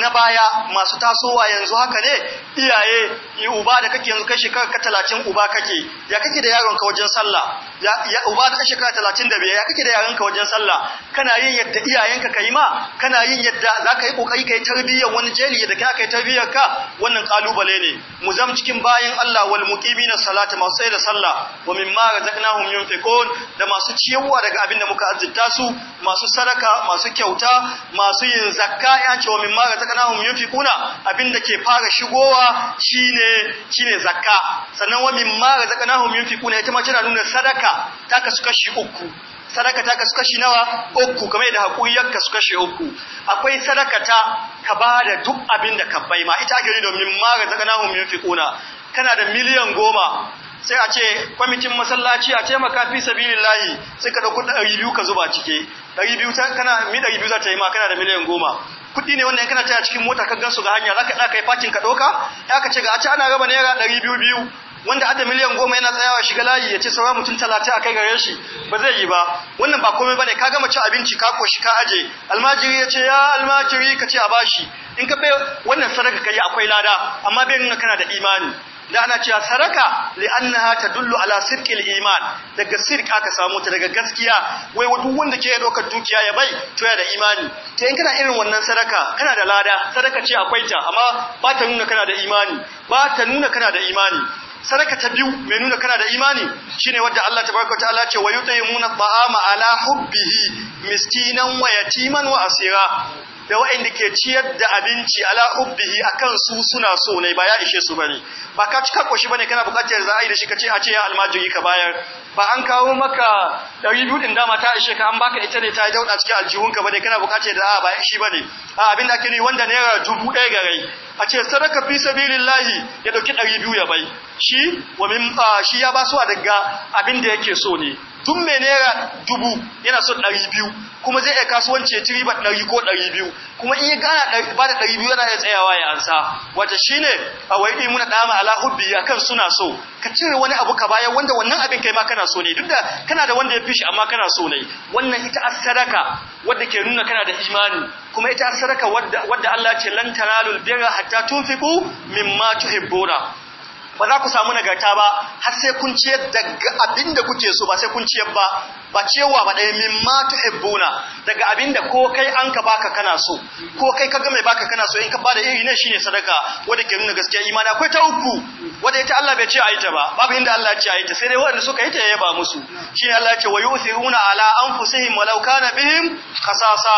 na baya masu tasowa yanzu haka ne iyaye yi uba da kake yanzu kai shekara ka talatin uba kake ya kake da yaron ka wajen sallah ya uba da shekara talatin da biyar ya kake da yaron ka wajen sallah kana yin yadda iyayenka ka yi ma kana yin yadda za ka yi kokari ka yi tarbiyyar wani jeli da ka yi tarbiyyar ka wannan kalubale ne mu zam cikin bayan Allah wal muqimina salata masu sai da sallah wa mimma razaqnahum yunfiqun da masu ciyawa daga abin da muka azzita su masu sadaka masu kyauta masu yin zakka ya ce wa mimma ta mimma razaqnahum yunfiquna abinda ke fara shigowa shine shine zakka sannan wa min ma ga mimma razaqnahum kuna ita ma tana nuna sadaka ta kasu kashi uku sadaka ta kasu kashi nawa uku kamar yadda hakuri ya kasu kashi uku akwai sadaka ta ka bada duk abinda ka bai ma ita ake nuna mimma razaqnahum kuna kana da miliyan goma sai a ce kwamitin masallaci a ce maka fi sabilillahi sai ka dauko 200 ka zuba cike 200 kana mi 200 za ta yi ma kana da miliyan goma kuɗi ne wanda in kana taya cikin mota ka gansu ga hanya zaka da kai parking ka doka ya ka ce ga a ci ana raba naira 200 biyu wanda ada miliyan goma yana tsayawa shiga layi ya ce sauran mutum talatin a kai gare shi ba zai yi ba wannan ba komai bane ka gama ci abinci ka koshi ka aje almajiri ya ce ya almajiri ka ce a bashi in ka bai wannan sadaka kai akwai lada amma bai nuna kana da imani da ana cewa saraka li'annaha tadullu ala sirkil iman daga sirq aka samu ta daga gaskiya wai duk wanda ke daukar dukiya ya bai to ya da imani to in kana irin wannan saraka kana da lada sadaka ce akwai ta amma ba ta nuna kana da imani ba ta nuna kana da imani saraka ta biyu mai nuna kana da imani shine wanda Allah tabaraka ta'ala ce wa ta'ama ala hubbihi miskinan wa yatiman wa asira da waɗanda ke ciyar da abinci ala hubbihi akan su suna so ne ba ya ishe su bane ba ka cika koshi bane kana bukatar za a yi da shi ka a ce ya almajiri ka bayar ba an kawo maka ɗari biyu din dama ta ishe ka an baka ita ne ta yi dauɗa cikin ka bane kana bukatar da a ba ishe bane a abin da ake ni wanda naira dubu ɗaya ga rai a ce sadaka fi sabilillahi ya ɗauki ɗari biyu ya bai shi wa min shi ya ba su a daga abin da yake so ne tun mai naira dubu yana son ɗari biyu kuma zai iya kasuwanci ya ci ba ɗari ko ɗari biyu kuma in ya gana ba da ɗari biyu yana ya tsayawa ya ansa wata shi ne a wai muna ɗama ala hubbi a kan suna so ka cire wani abu ka bayan wanda wannan abin kai ma kana so ne duk da kana da wanda ya fi shi amma kana so ne wannan ita as sadaka wadda ke nuna kana da imani kuma ita as sadaka wadda Allah ce lan tanalul birra hatta tunfiqu mimma tuhibbuna ba za ku samu nagarta ba har sai kun ciyar da abin kuke so ba sai kun ciyar ba ba cewa ba ɗaya min matu tuhibbuna daga abinda ko kai an ka baka kana so ko kai ka ga mai baka kana so in ka bada iri ne shine sadaka wanda ke nuna gaskiya imani akwai ta uku wanda ita Allah bai ce a yi ta ba babu inda Allah ya ce a yi ta sai dai waɗanda suka yi ta ya yaba musu shi Allah ya ce wa yu'thiruna ala anfusihim walau kana bihim khasasa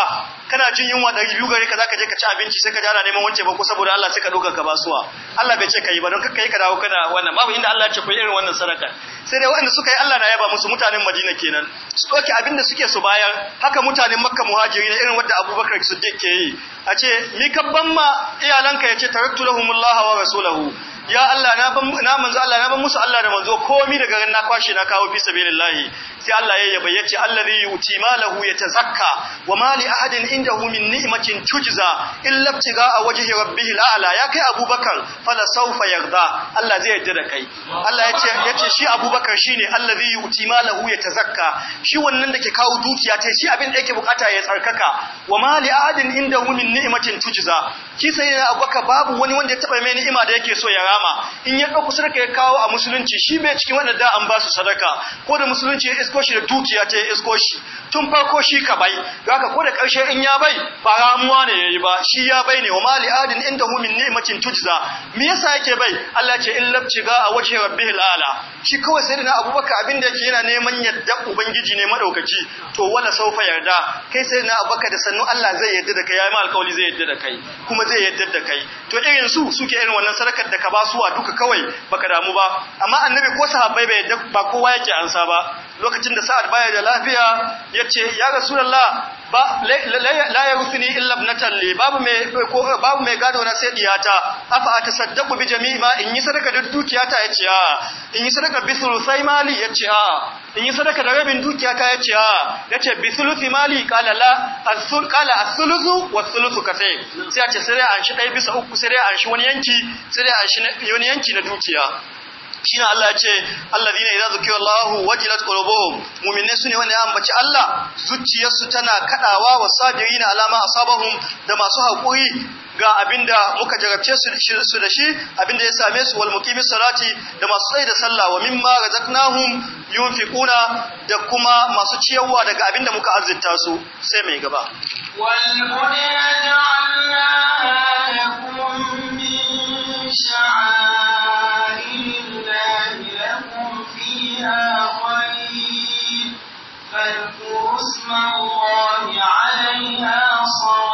kana jin yunwa da lugare ka zaka je ka ci abinci sai ka jara neman wance ba ko saboda Allah sai ka doka ka basuwa Allah bai ce kai ba don kai ka dawo kana wannan babu inda Allah ya ce ku irin wannan sadaka sai dai waɗanda suka yi Allah na yaba musu mutanen Madina kenan su ɗauki abin da suke su bayar haka mutanen Makka muhajiri ne irin wanda Abubakar Siddiq ke yi a ce mi kabban ma iyalanka yace taraktu lahumullaha wa rasulahu ya Allah na ban na manzo Allah na ban musu Allah da manzo komi daga ran na kwashe na kawo fi sabilillahi sai Allah ya yaba yace allazi yuti malahu yatazakka wa ma li ahadin indahu min ni'matin tujza illa ibtigaa wajhi rabbihi al'ala ya kai abubakar fala sawfa yarda Allah zai yarda da kai Allah yace yace shi abubakar shine allazi yuti malahu yatazakka shi wannan da ke kawo dukiya tai shi abin da yake bukata ya tsarkaka wa ma li ahadin indahu min ni'matin tujza kisa yana abubakar babu wani wanda ya taba mai ni'ima da yake so ya kiyama in ya dauko sadaka ya kawo a musulunci shi bai cikin wanda da an ba su sadaka ko da musulunci ya isko shi da dukiya ta ya isko shi tun farko shi ka bai haka ko da karshe in ya bai ba ramuwa ne yayi ba shi ya bai ne wa mali adin inda hu min ni'matin tujza me yasa yake bai Allah ce in labci ga a wace rabbil ala shi kawai sai sayyidina abubakar abin da yake yana neman yadda ubangiji ne madaukaki to wala saufa yarda kai sayyidina abubakar da sannu Allah zai yarda da kai yayi ma alƙawli zai yarda da kai kuma zai yarda da kai to irin su suke irin wannan sadakar da ka ba kasuwa duka kawai baka damu ba amma annabi ko sahabbai bai ba kowa yake ansa ba lokacin da sa'ad baya da lafiya yace ya rasulullah la ya rusuni illa ibnatan li babu mai ko babu me gado na sai diyata afa atasaddaqu bi jami'i ma in yi sadaka da dukiyata yace a ah. in yi sadaka bi sulusai mali yace a ah. in yi sadaka da rabin dukiyata yace a ah. yace bi sulusi mali qala la asul sul qala as-sulusu was-sulusu kasai sai yace sai an shi dai bisa uku sai an shi wani yanki sai an shi wani yanki na dukiya shine Allah ya ce alladhina idza zukira Allah wajilat qulubuhum mu'minai sune wanda ya ambaci Allah zuciyarsu tana kadawa wasabirina alama asabahum da masu haƙuri ga abinda muka jarabce su da shi abinda ya same su wal muqimi salati da masu tsayi da sallah wa mimma razaqnahum yunfiquna da kuma masu ciyarwa daga abinda muka arzita su sai mai gaba wal اسم الله عليها صلاة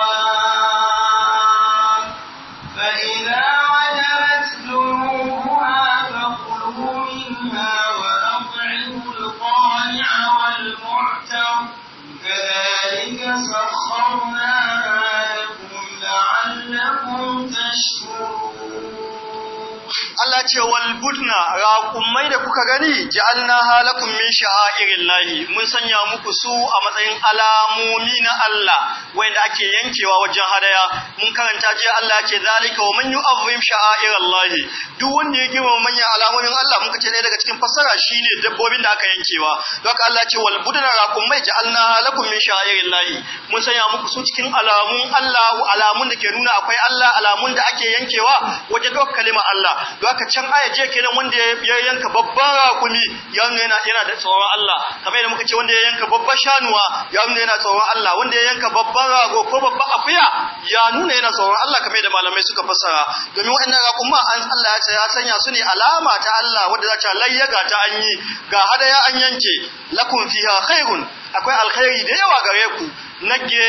ce wal budna da kuka gani ja'alna halakum min sha'airillahi mun sanya muku su a matsayin alamomi na Allah wanda ake yankewa wajen hadaya mun karanta je Allah ce zalika wa man yu'azzim sha'airallahi duk wanda ya girma manyan alamomin Allah muka ce daga cikin fassara shine dabbobin da aka yankewa don Allah ce wal budna ji ja'alna halakum min sha'airillahi mun sanya muku su cikin alamun Allah alamun da ke nuna akwai Allah alamun da ake yankewa wajen dukkan Allah don wancan aya je kenan wanda ya yanka babban rakumi ya nuna yana yana da tsoron Allah kamar yadda muka ce wanda ya yanka babban shanuwa ya nuna yana tsoron Allah wanda ya yanka babban rago ko babban akuya ya nuna yana tsoron Allah kamar yadda malamai suka fassara domin waɗannan rakuma an Allah ya ce sanya su ne alama ta Allah wanda za ta layyaga ta an yi ga hadaya an yanke lakum fiha khairun akwai alkhairi da yawa gare ku nage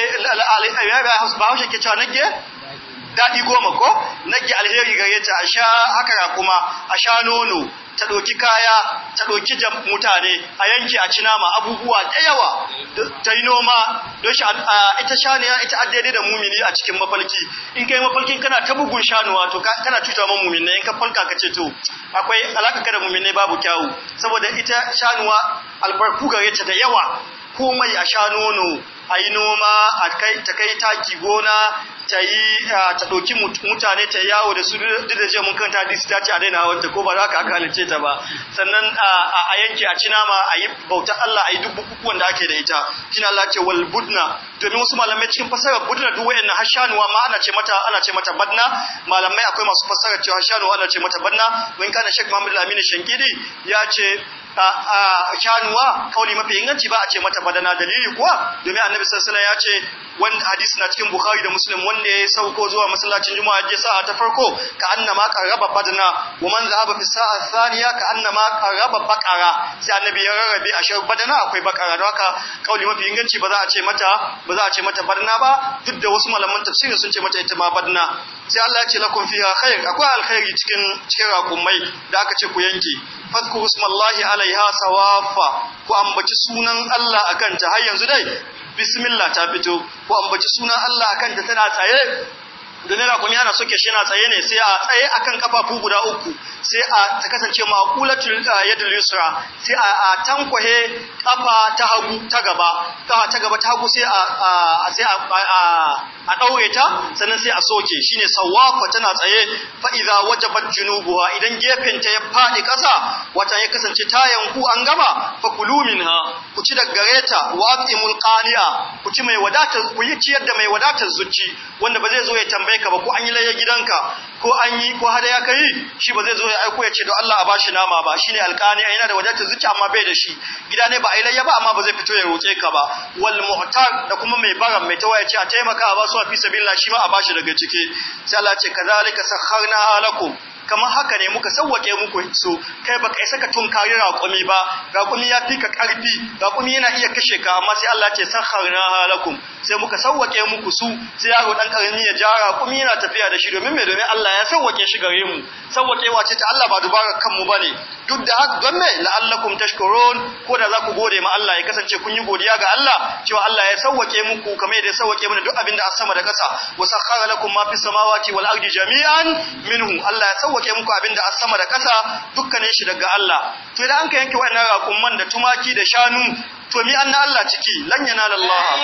hasbahu shi ke cewa nage daɗi goma ko nake alheri gare ta a sha haka kuma a sha nono ta ɗauki kaya ta ɗauki mutane a yanki a cinama abubuwa da yawa ta yi noma don shi ita ya ita addaidai da mumini a cikin mafalki in kai mafalkin kana ta bugun shanuwa to kana cuta ma mumini in ka falka ka ce to akwai alaka kada mumini babu kyawu saboda ita shanuwa albarku gare ta da yawa komai a sha nono a kai noma ta kai taki gona ta yi ta ɗauki mutane ta yawo da su duk da ce mun kanta da ta tace a daina wanta ko ba za ka aka halice ta ba sannan a yanke a ci nama a yi bauta Allah a yi duk bukukuwan da ake da ita shine Allah ce wal budna domin wasu malamai cikin fasara budna duk wayannan hashanuwa ma ana ce mata ana ce mata badna malamai akwai masu fasara cewa hashanuwa ana ce mata badna mun kana Sheikh Muhammad Al-Amin Shankidi ya ce shanuwa kauli mafi inganci ba a ce mata badana dalili kuwa domin annabi sallallahu ya ce wani hadisi na cikin bukhari da muslim wanda ya sauko zuwa masallacin juma'a je sa'a ta farko ka annama raba badana wa man zahaba fi sa'a thaniya ka annama raba bakara sai annabi ya rarrabe a shar badana akwai bakara don haka kauli mafi inganci ba za a ce mata ba za a ce mata badana ba duk da wasu malaman tafsirin sun ce mata ita ma badana sai Allah ya ce kun fiha khair akwai alkhairi cikin cikin rakumai da aka ce ku yanke fasku ismallahi alaiha sawafa ku ambaci sunan Allah akan ta har yanzu dai bismillah ta fito ku ambaci sunan Allah akan ta tana tsaye ne rakumi ana soke shi yana tsaye ne sai a tsaye akan kafafu guda uku sai a ta kasance maqulatul ah, yadul yusra sai a tankwahe kafa ta hagu ta gaba kafa ta gaba ta hagu sai a sai a a ɗaure ta sannan sai a soke shi ne sawafa tana tsaye fa'iza wajabar junubuwa idan gefenta ya faɗi ƙasa wata ya kasance tayan ku an gama fakulumin ha ku ci daga gareta wa atimul ku ci mai wadatar ku yi ciyar da mai wadatar zuci wanda ba zai zo ya tambaye ka ba ko an yi laye gidanka ko an yi ko har ya kai shi ba zai zo ya aiko ya ce don Allah a bashi nama ba shine a yana da wajatin zuci amma bai da shi gida ne ba a ilayya ba amma ba zai fito ya roƙe ka ba wal mu'tar da kuma mai baran mai tawaye ce a taimaka a basu a fi sabilla shi ma a bashi daga ciki sai Allah ya ce kazalika sakharna lakum kamar haka ne muka sauwake muku su kai baka isa ka tunkari raƙumi ba raƙumi ya fi ka ƙarfi raƙumi yana iya kashe ka amma sai Allah ce sakharna halakum sai muka sauwake muku su sai yaro dan karami ya ja raƙumi yana tafiya da shi domin me domin Allah ya sauwake shi gare mu sauwakewa ce ta Allah ba dubara kanmu bane duk da haka don me la'allakum tashkurun ko da za ku gode ma Allah ya kasance kun yi godiya ga Allah cewa Allah ya sauwake muku kamar yadda ya sauwake mana duk abin da a sama da ƙasa wa sakhara lakum ma fis samawati wal ardi jami'an minhu Allah ya sauwake muku abinda a sama da ƙasa dukkanin shi daga Allah to idan an ka yanke wa'annan raƙumman da tumaki da shanu to mi an na Allah ciki lan yanala Allah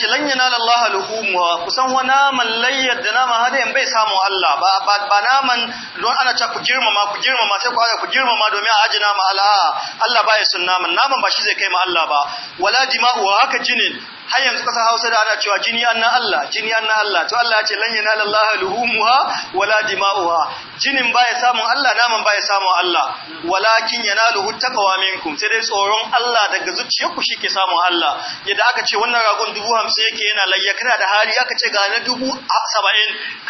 ce lan yanala Allah luhumwa kusan wa naman layyar da nama hadayan bai samu Allah ba ba naman don ana ta ku girmama ku girmama sai ku aka ku girmama domin a ajina ma Allah Allah baya sun naman naman ba shi zai kai ma Allah ba wala wa haka jinin har yanzu kasar Hausa da ana cewa jini anna Allah jini ana Allah to Allah ya ce lan yana lallahu luhumuha wala dima'uha jinin baya samun Allah naman baya samun Allah walakin yanaluhu takwa minkum sai dai tsoron Allah daga zuciyarku shi ke samun Allah yadda aka ce wannan ragon dubu 50 yake yana layya kana da hali aka ce ga na 70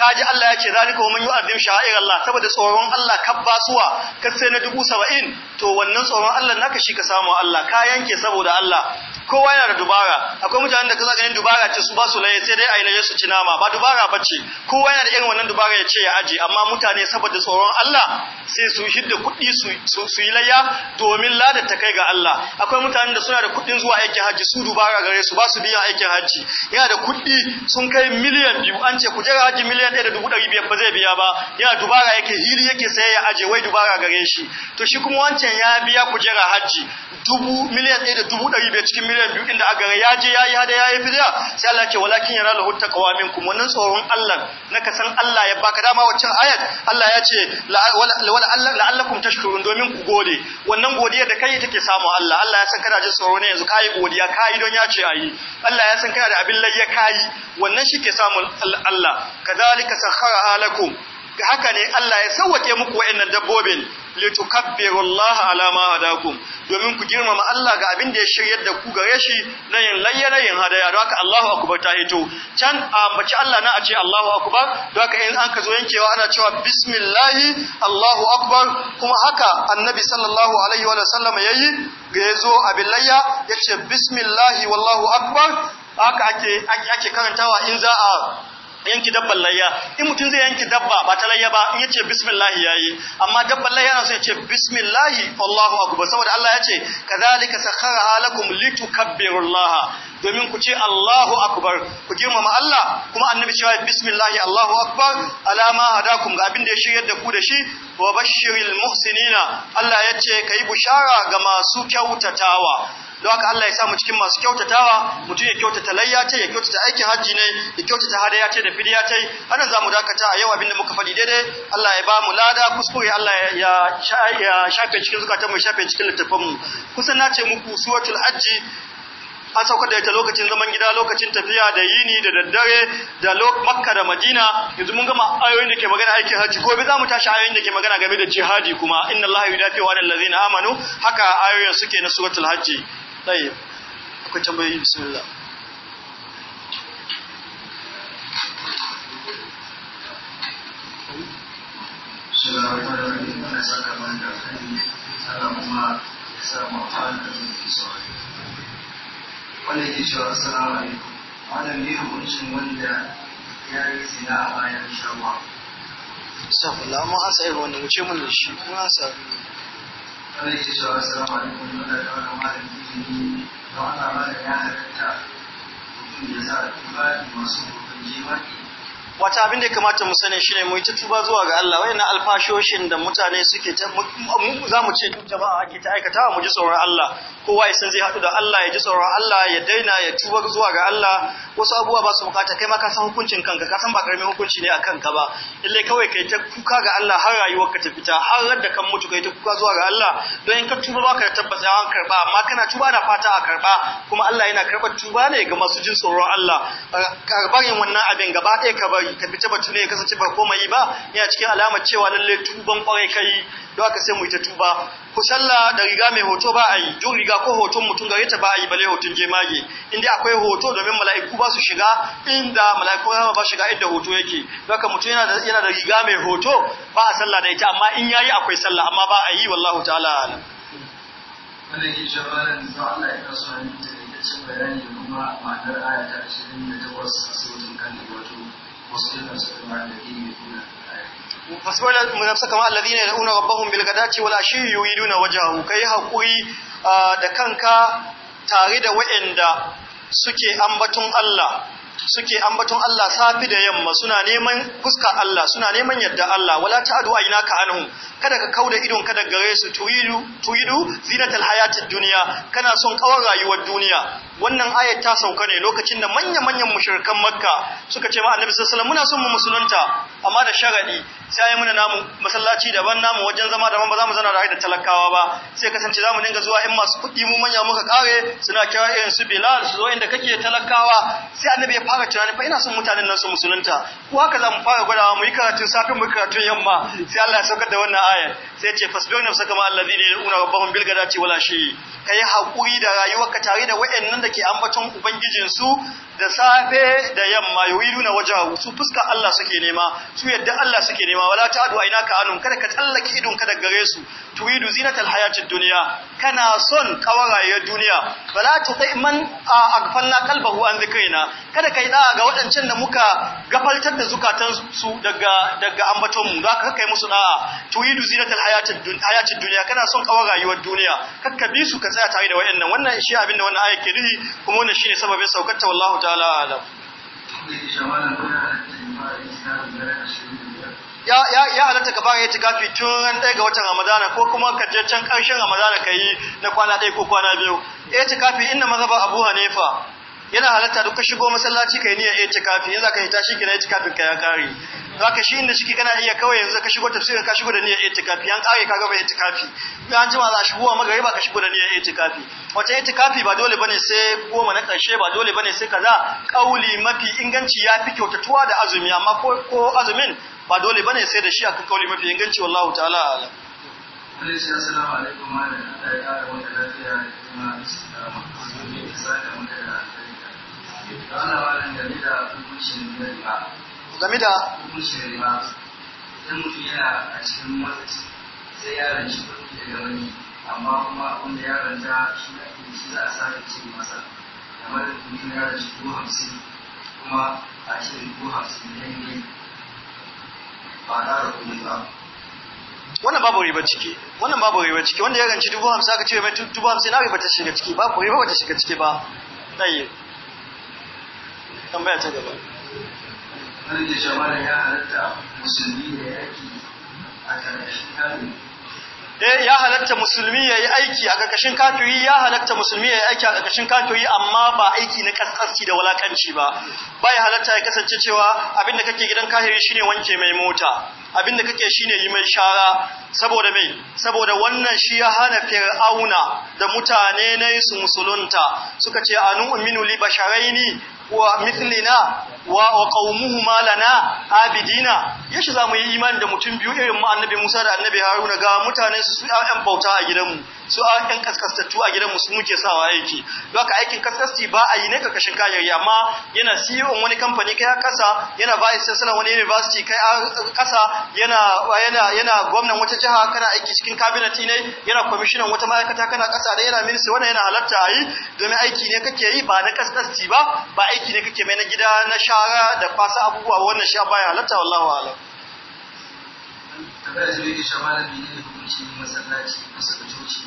kaji Allah ya ce zalika man yu'azzim sha'air Allah saboda tsoron Allah kabbasuwa ka sai na 70 to wannan tsoron Allah naka shi ka samu Allah ka yanke saboda Allah kowa yana da dubara akwai mutanen da kaza ganin dubara ce su ba su laye sai dai a yi yesu ci nama ba dubara ba ce kowa yana da irin wannan dubara ya ce ya aje amma mutane saboda tsoron Allah sai su hidda kuɗi su su yi layya domin ladar ta kai ga Allah akwai mutanen da suna da kuɗin zuwa aikin hajji su dubara gare su ba su biyan aikin hajji yana da kuɗi sun kai miliyan biyu an ce jira hajji miliyan ɗaya da dubu ɗari biyar ba zai biya ba yana dubara yake hili yake sai ya aje wai dubara gare shi to shi kuma wancan ya biya jira hajji dubu miliyan ɗaya da dubu ɗari biyar cikin miliyan nan biyu inda aka ya je yayi hada yayi fidiya sai Allah ce walakin yara lahu taqwa minkum wannan tsoron Allah naka san Allah ya baka dama waccan ayat Allah ya ce wala la'allakum tashkurun domin ku gode wannan godiya da kai take samu Allah Allah ya san kana jin tsoro ne yanzu kai godiya kai don ya ce ayi Allah ya san kana da abin lai ya kai wannan shi ke samun Allah kadhalika sakhara lakum haka ne Allah ya sauwake muku wa'annan dabbobin litukabbiru ala ma hadakum domin ku girmama Allah ga abin da ya shiryar da ku gare shi na yin layyana yin hadaya don haka Allahu akbar ta hito can ambaci Allah na a ce Allahu akbar don haka in an ka zo yankewa ana cewa bismillahi Allahu akbar kuma haka annabi sallallahu alaihi wa sallam yayi ga yazo abin layya yace bismillahi wallahu akbar haka ake ake karantawa in za a yanki dabban layya in mutum zai yanki dabba ba ta layya ba in yace bismillah yayi amma dabban layya yana so yace bismillah Allahu akbar saboda Allah ya yace kadhalika sakharaha lakum litukabbirullaha domin ku ce Allahu akbar ku girmama Allah kuma annabi cewa bismillah Allahu akbar alama hadakum ga abin da ya shiryar da ku da shi wa bashiril muhsinina Allah yace kai bushara ga masu kyautatawa don haka Allah ya sa mu cikin masu kyautatawa mutum ya kyautata layya ce ya kyautata aikin hajji ne ya kyautata hadaya ce da fidiya ta anan zamu dakata a yau abinda muka faɗi daidai Allah ya ba mu lada kuskure Allah ya shafe cikin zukatan mu shafe cikin littafin mu kusan na ce muku suwatul hajji an sauka da ita lokacin zaman gida lokacin tafiya da yini da daddare da makka da madina yanzu mun gama ayoyin da ke magana aikin hajji gobe za mu tashi ayoyin da ke magana game da jihadi kuma inna allaha yudafi wa alal amanu haka ayoyin suke na suratul hajji طيب akwai tambayoyi bismillah wanda assalamu alaikum wanda ne hukuncin wanda ya yi zina a bayan shawa. Sabu, lamun asa irin wuce mun da shi, mun wanda ke cewa assalamu alaikum wanda ta wani malam ilimi don ana malam ya halatta mutum ya sa tufafi masu hoton jimaki wata abin da ya kamata mu sani shine mu yi ta tuba zuwa ga Allah wayannan alfashoshin da mutane suke za mu ce duk jama'a ake ta aikata mu ji tsoron Allah kowa ya san zai hadu da Allah ya ji tsoron Allah ya daina ya tuba zuwa ga Allah wasu abubuwa ba su bukata kai ma ka san hukuncin kanka ka san ba karamin hukunci ne a kanka ba illai kawai kai ta kuka ga Allah har rayuwarka ta fita har da kan mutu kai ta kuka zuwa ga Allah don in ka tuba ba ka tabbata an karba amma kana tuba na fata a karba kuma Allah yana karɓar tuba ne ga masu jin tsoron Allah karbar yin wannan abin gaba ɗaya ka bari karbice batu ne ya kasance ba komai ba yana cikin alamar cewa lalle tuban kwarai kai don haka sai mu ita tuba ku sallah da riga mai hoto ba a yi duk riga ko hoton mutum gare ta ba a yi bale hoton jemage inda akwai hoto domin mala'iku ba su shiga inda mala'iku rama ba shiga inda hoto yake don haka mutum yana da yana da riga mai hoto ba a sallah da ita amma in yayi akwai sallah amma ba a yi wallahu ta'ala wannan ke shawaran zuwa Allah ya kasu hannun da bayani da kuma ma'anar ayata 28 a sautin kan fasbir nafsa kama alladhina yad'una rabbahum bil ghadati wal ashi yuriduna wajhahu kai hakuri ah, da kanka tare da wa'anda suke ambaton Allah suke ambaton Allah safi da yamma suna neman kuska Allah suna neman yadda Allah wala ta'adu aynaka anhum kada ka kauda idon ka da gare su tuyidu tuyidu zinatul hayatid dunya kana son kawar rayuwar duniya wannan ayat ta sauka ne lokacin da manya-manyan mushrikan Makka suka ce ma Annabi sallallahu alaihi wasallam muna son mu musulunta amma da sharadi sai ayi muna namu masallaci daban namu wajen zama daban ba za mu zana da talakawa ba sai kasance zamu dinga zuwa in masu kuɗi mu manya muka kare suna kira irin su Bilal su zo inda kake talakawa sai Annabi ya fara tunanin fa ina son mutanen nan su musulunta ko haka za mu fara gwadawa mu yi karatun safin mu yi karatun yamma sai Allah ya saukar da wannan aya sai ce fasbir nafsa kama ne una rabbahum bil gadati wala shi kai hakuri da rayuwarka tare da wayannan da ke ambaton ubangijin su da safe da yamma na wajahu su fuska Allah suke nema su yadda Allah suke nema wala ta'du ainaka anun kada ka tsallake idon ka daga gare su turidu zinatal hayatid dunya kana son ya duniya wala tuti man aghfalna qalbahu an dhikrina kada ka kai da ga waɗancan da muka gafaltar da zukatansu daga daga ambatonmu za ka kai musu da'a tuyidu zinatal hayatid duniya kana son kawar rayuwar duniya kakka bi su ka tsaya tare da wayannan wannan shi abin da wannan ayat ne kuma wannan shine sababin saukar ta wallahu ta'ala alam ya ya ya alata ka fara itikafi tun ran ɗaya ga watan Ramadana ko kuma ka je can karshen Ramadana ka yi na kwana ɗaya ko kwana biyu itikafi inna mazhaba Abu Hanifa yana halatta duk ka shigo masallaci kai niyyar itikafi yanzu ka hita shi kina itikafin ka ya kare ka shi inda shiki kana iya kawai yanzu ka shigo tafsirin ka shigo da niyyar itikafi an kare ka gaba itikafi dan an jima za shigo a ba ka shigo da niyyar itikafi wata itikafi ba dole bane sai goma na karshe ba dole bane sai kaza kauli mafi inganci ya fi kyautatuwa da azumi amma ko ko azumin ba dole bane sai da shi kan kauli mafi inganci wallahu ta'ala alam Assalamu alaikum wa rahmatullahi wa barakatuh. game da hukuncin riba idan mutum yana a cikin matsaci sai yaron kuɗi daga wani amma kuma wanda yaron shi ake shi za a sake ce masa kamar mutum yaron shi ko hamsin kuma a ce ko hamsin ne ba da kuɗi wannan babu riba ciki wannan babu riba ciki wanda ya ranci dubu hamsin aka ce mai dubu hamsin na riba ta shiga ciki babu riba ba ta shiga ciki ba ɗaya tambaya ta gaba wani da jama'a ya halatta musulmi da yaki a ƙarƙashin kafiri eh, ya halatta musulmi yayi aiki a ƙarƙashin kafiri ya halatta musulmi ya yi aiki a ƙarƙashin kafiri amma ba aiki na kaskasci da walaƙanci ba Ba ya halatta ya kasance cewa abinda kake gidan kafiri shine wanke mai mota abinda kake shine yi mai shara saboda mai saboda wannan shi ya hana fir'auna da mutane na yi su musulunta suka ce anu uminu li ni. wa mithlina wa wa ma lana abidina yashi zamu yi imani da mutum biyu irin mu annabi Musa da annabi Haruna ga mutanen su an bauta a gidanmu su an kaskastattu a gidanmu su muke sawa aiki doka aikin kaskasti ba a yi ne ka kashin kayayyaki amma yana CEO wani kamfani kai kasa yana vice chancellor wani university kai kasa yana yana yana gwamnan wata jiha kana aiki cikin cabinet ne yana commissioner wata ma'aikata kana kasa da yana minister wannan yana halatta a yi domin aiki ne kake yi ba na kaskasti ba ba aiki ne kake mai na gida na sha ƙara da fasa abubuwa wannan sha baya halatta wallahu alam kada da shi yake shamana bi ne hukunci masallaci kusa da coci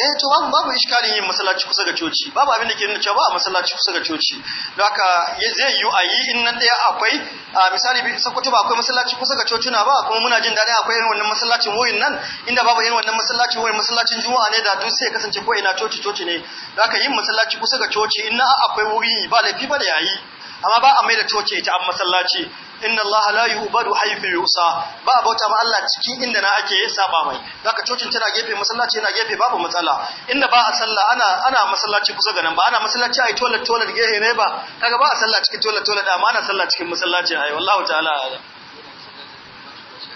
eh to babu babu iskalin yin masallaci kusa ga coci babu abin da ke nuna cewa ba masallaci kusa ga coci don haka zai yi a yi in nan ɗaya akwai a misali bi sakkwato ba akwai masallaci kusa ga coci na ba kuma muna jin daɗi akwai irin wannan masallacin wurin nan inda babu irin wannan masallaci wurin masallacin juma'a ne da duk sai ya kasance ko ina coci coci ne don haka yin masallaci kusa ga coci in na akwai wuri ba laifi ba da yayi amma ba a mai da coci ita an masallaci inna Allah la yu'badu haythu yusa ba abauta ma Allah cikin inda na ake saba mai daga cocin tana gefe masallaci yana gefe babu matsala inda ba a sallah ana ana masallaci kusa ga nan ba ana masallaci ai toilet toilet gefe ne ba kaga ba a sallah cikin toilet toilet amma ana sallah cikin masallaci ai wallahi ta'ala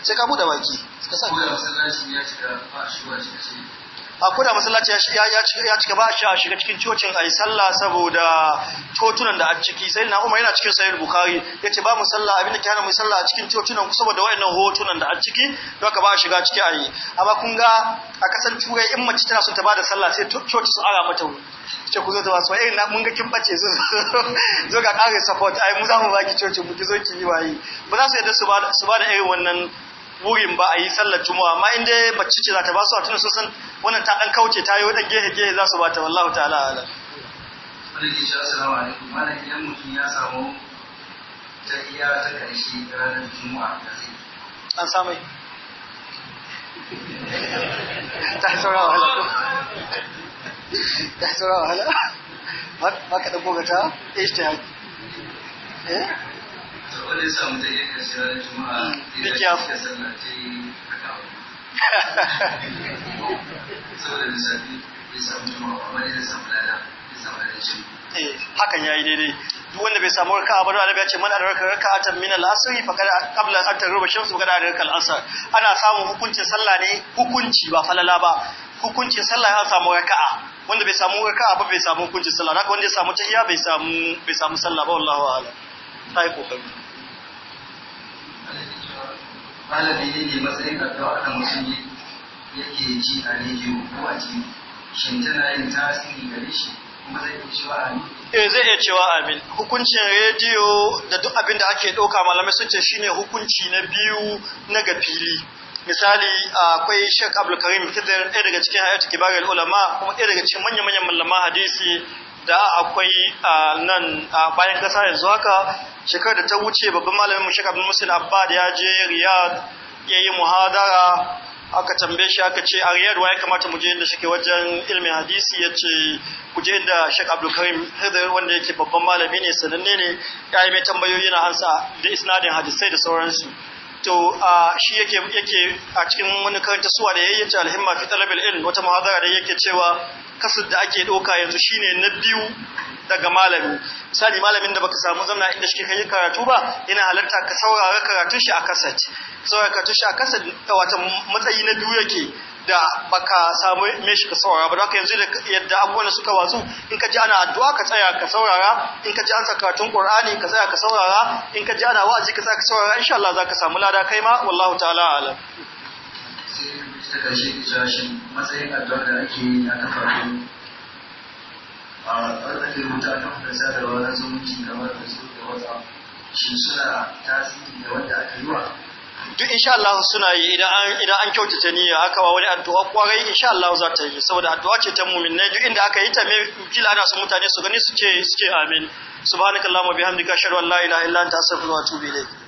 sai ka bude baki ka sa masallaci ya da ba shi wa shi a kuda masallaci ya cika ba shi a shiga cikin cocin ai sallah saboda cocunan da a ciki sai na umar yana cikin sahih Bukhari yace ce ba mu sallah abinda ke hana mu sallah a cikin ku. saboda wayannan hotunan da a ciki don ka ba a shiga ciki ai amma kun ga a kasan turai in mace tana son ta ba da sallah sai coci su ara mata wu ce ku zo ta wasu ai mun ga kin bace zo (laughs) zo ga kare support ai mu za mu baki coci mu ki zo ki yi waye ba za su yadda su ba da irin wannan wurin ba a yi sallar juma'a amma in dai bacci ce za ta ba su a tunan sun san wannan ta ɗan kauce ta yi wadan gehe gehe za su ba ta wallahu ta'ala ala Wani idan mutum ya samu ta iya ta ƙarshe ranar juma'a da zai an samai ta saura wahala ta saurawa hala. ba ka dago ga ta ishtihad eh hakan ya yi ya daidai duk wanda bai samu raka ba don annabi ya ce man adraka raka min al-asr fa kada qabla an ta shams fa kada da al-asr ana samun hukuncin sallah ne hukunci ba falala ba hukuncin sallah ya samu raka'a wanda bai samu raka ba bai samu hukuncin sallah haka wanda ya samu tahiya bai samu bai samu sallah ba wallahi a'lam kokari malami ne ne matsayin a kan musulmi yake ji a rediyo ko a tv shin tana yin tasiri gare shi kuma zai yi cewa amin eh zai iya cewa amin hukuncin rediyo da duk abin da ake ɗauka malamai sun ce shine hukunci na biyu na ga fili misali akwai Sheikh Abdul Karim Khidir ɗaya daga cikin hayati kibarul ulama kuma ɗaya daga cikin manyan manyan malaman hadisi da akwai nan bayan kasa yanzu haka shekarar da ta wuce babban malamin mu Sheikh musul Musin Abbad ya je ya yi muhadara aka tambaye shi aka ce a wa ya kamata mu je inda ke wajen ilmin hadisi yace ku je inda shek Abdul Karim Hidir wanda yake babban malami ne sananne ne ya yi mai tambayoyi na ansa da isnadin hadisai da sauransu to shi yake yake a cikin wani karanta suwa da yayin ta alhimma fi talabil ilm wata muhadara da yake cewa kasar da ake doka yanzu shine na biyu daga malami misali malamin da baka samu zamna inda shi kai karatu ba yana halarta ka saurara karatun shi a kaset saurara karatun shi a kaset wato matsayi na biyu yake da baka samu meshi ka saurara ba haka yanzu yadda abubuwan suka watsu in ka ji ana addu'a ka tsaya ka saurara in ka ji an sakatun qur'ani ka tsaya ka saurara in ka ji ana wa'azi ka tsaya ka saurara insha Allah zaka samu lada kai ma wallahu ta'ala ala ta karshe shi matsayin addu'a da ake yi a zumunci kamar su da wata shi suna tasiri da wanda aka yi wa duk insha Allah suna yi idan an idan an kyautata niyya aka ba wani addu'a kwarai insha Allah za ta yi saboda addu'a ce ta ne duk inda aka yi ta me kila ana su mutane su gani su ce suke amin subhanakallahumma bihamdika ashhadu an la ilaha illa anta astaghfiruka wa atubu ilayk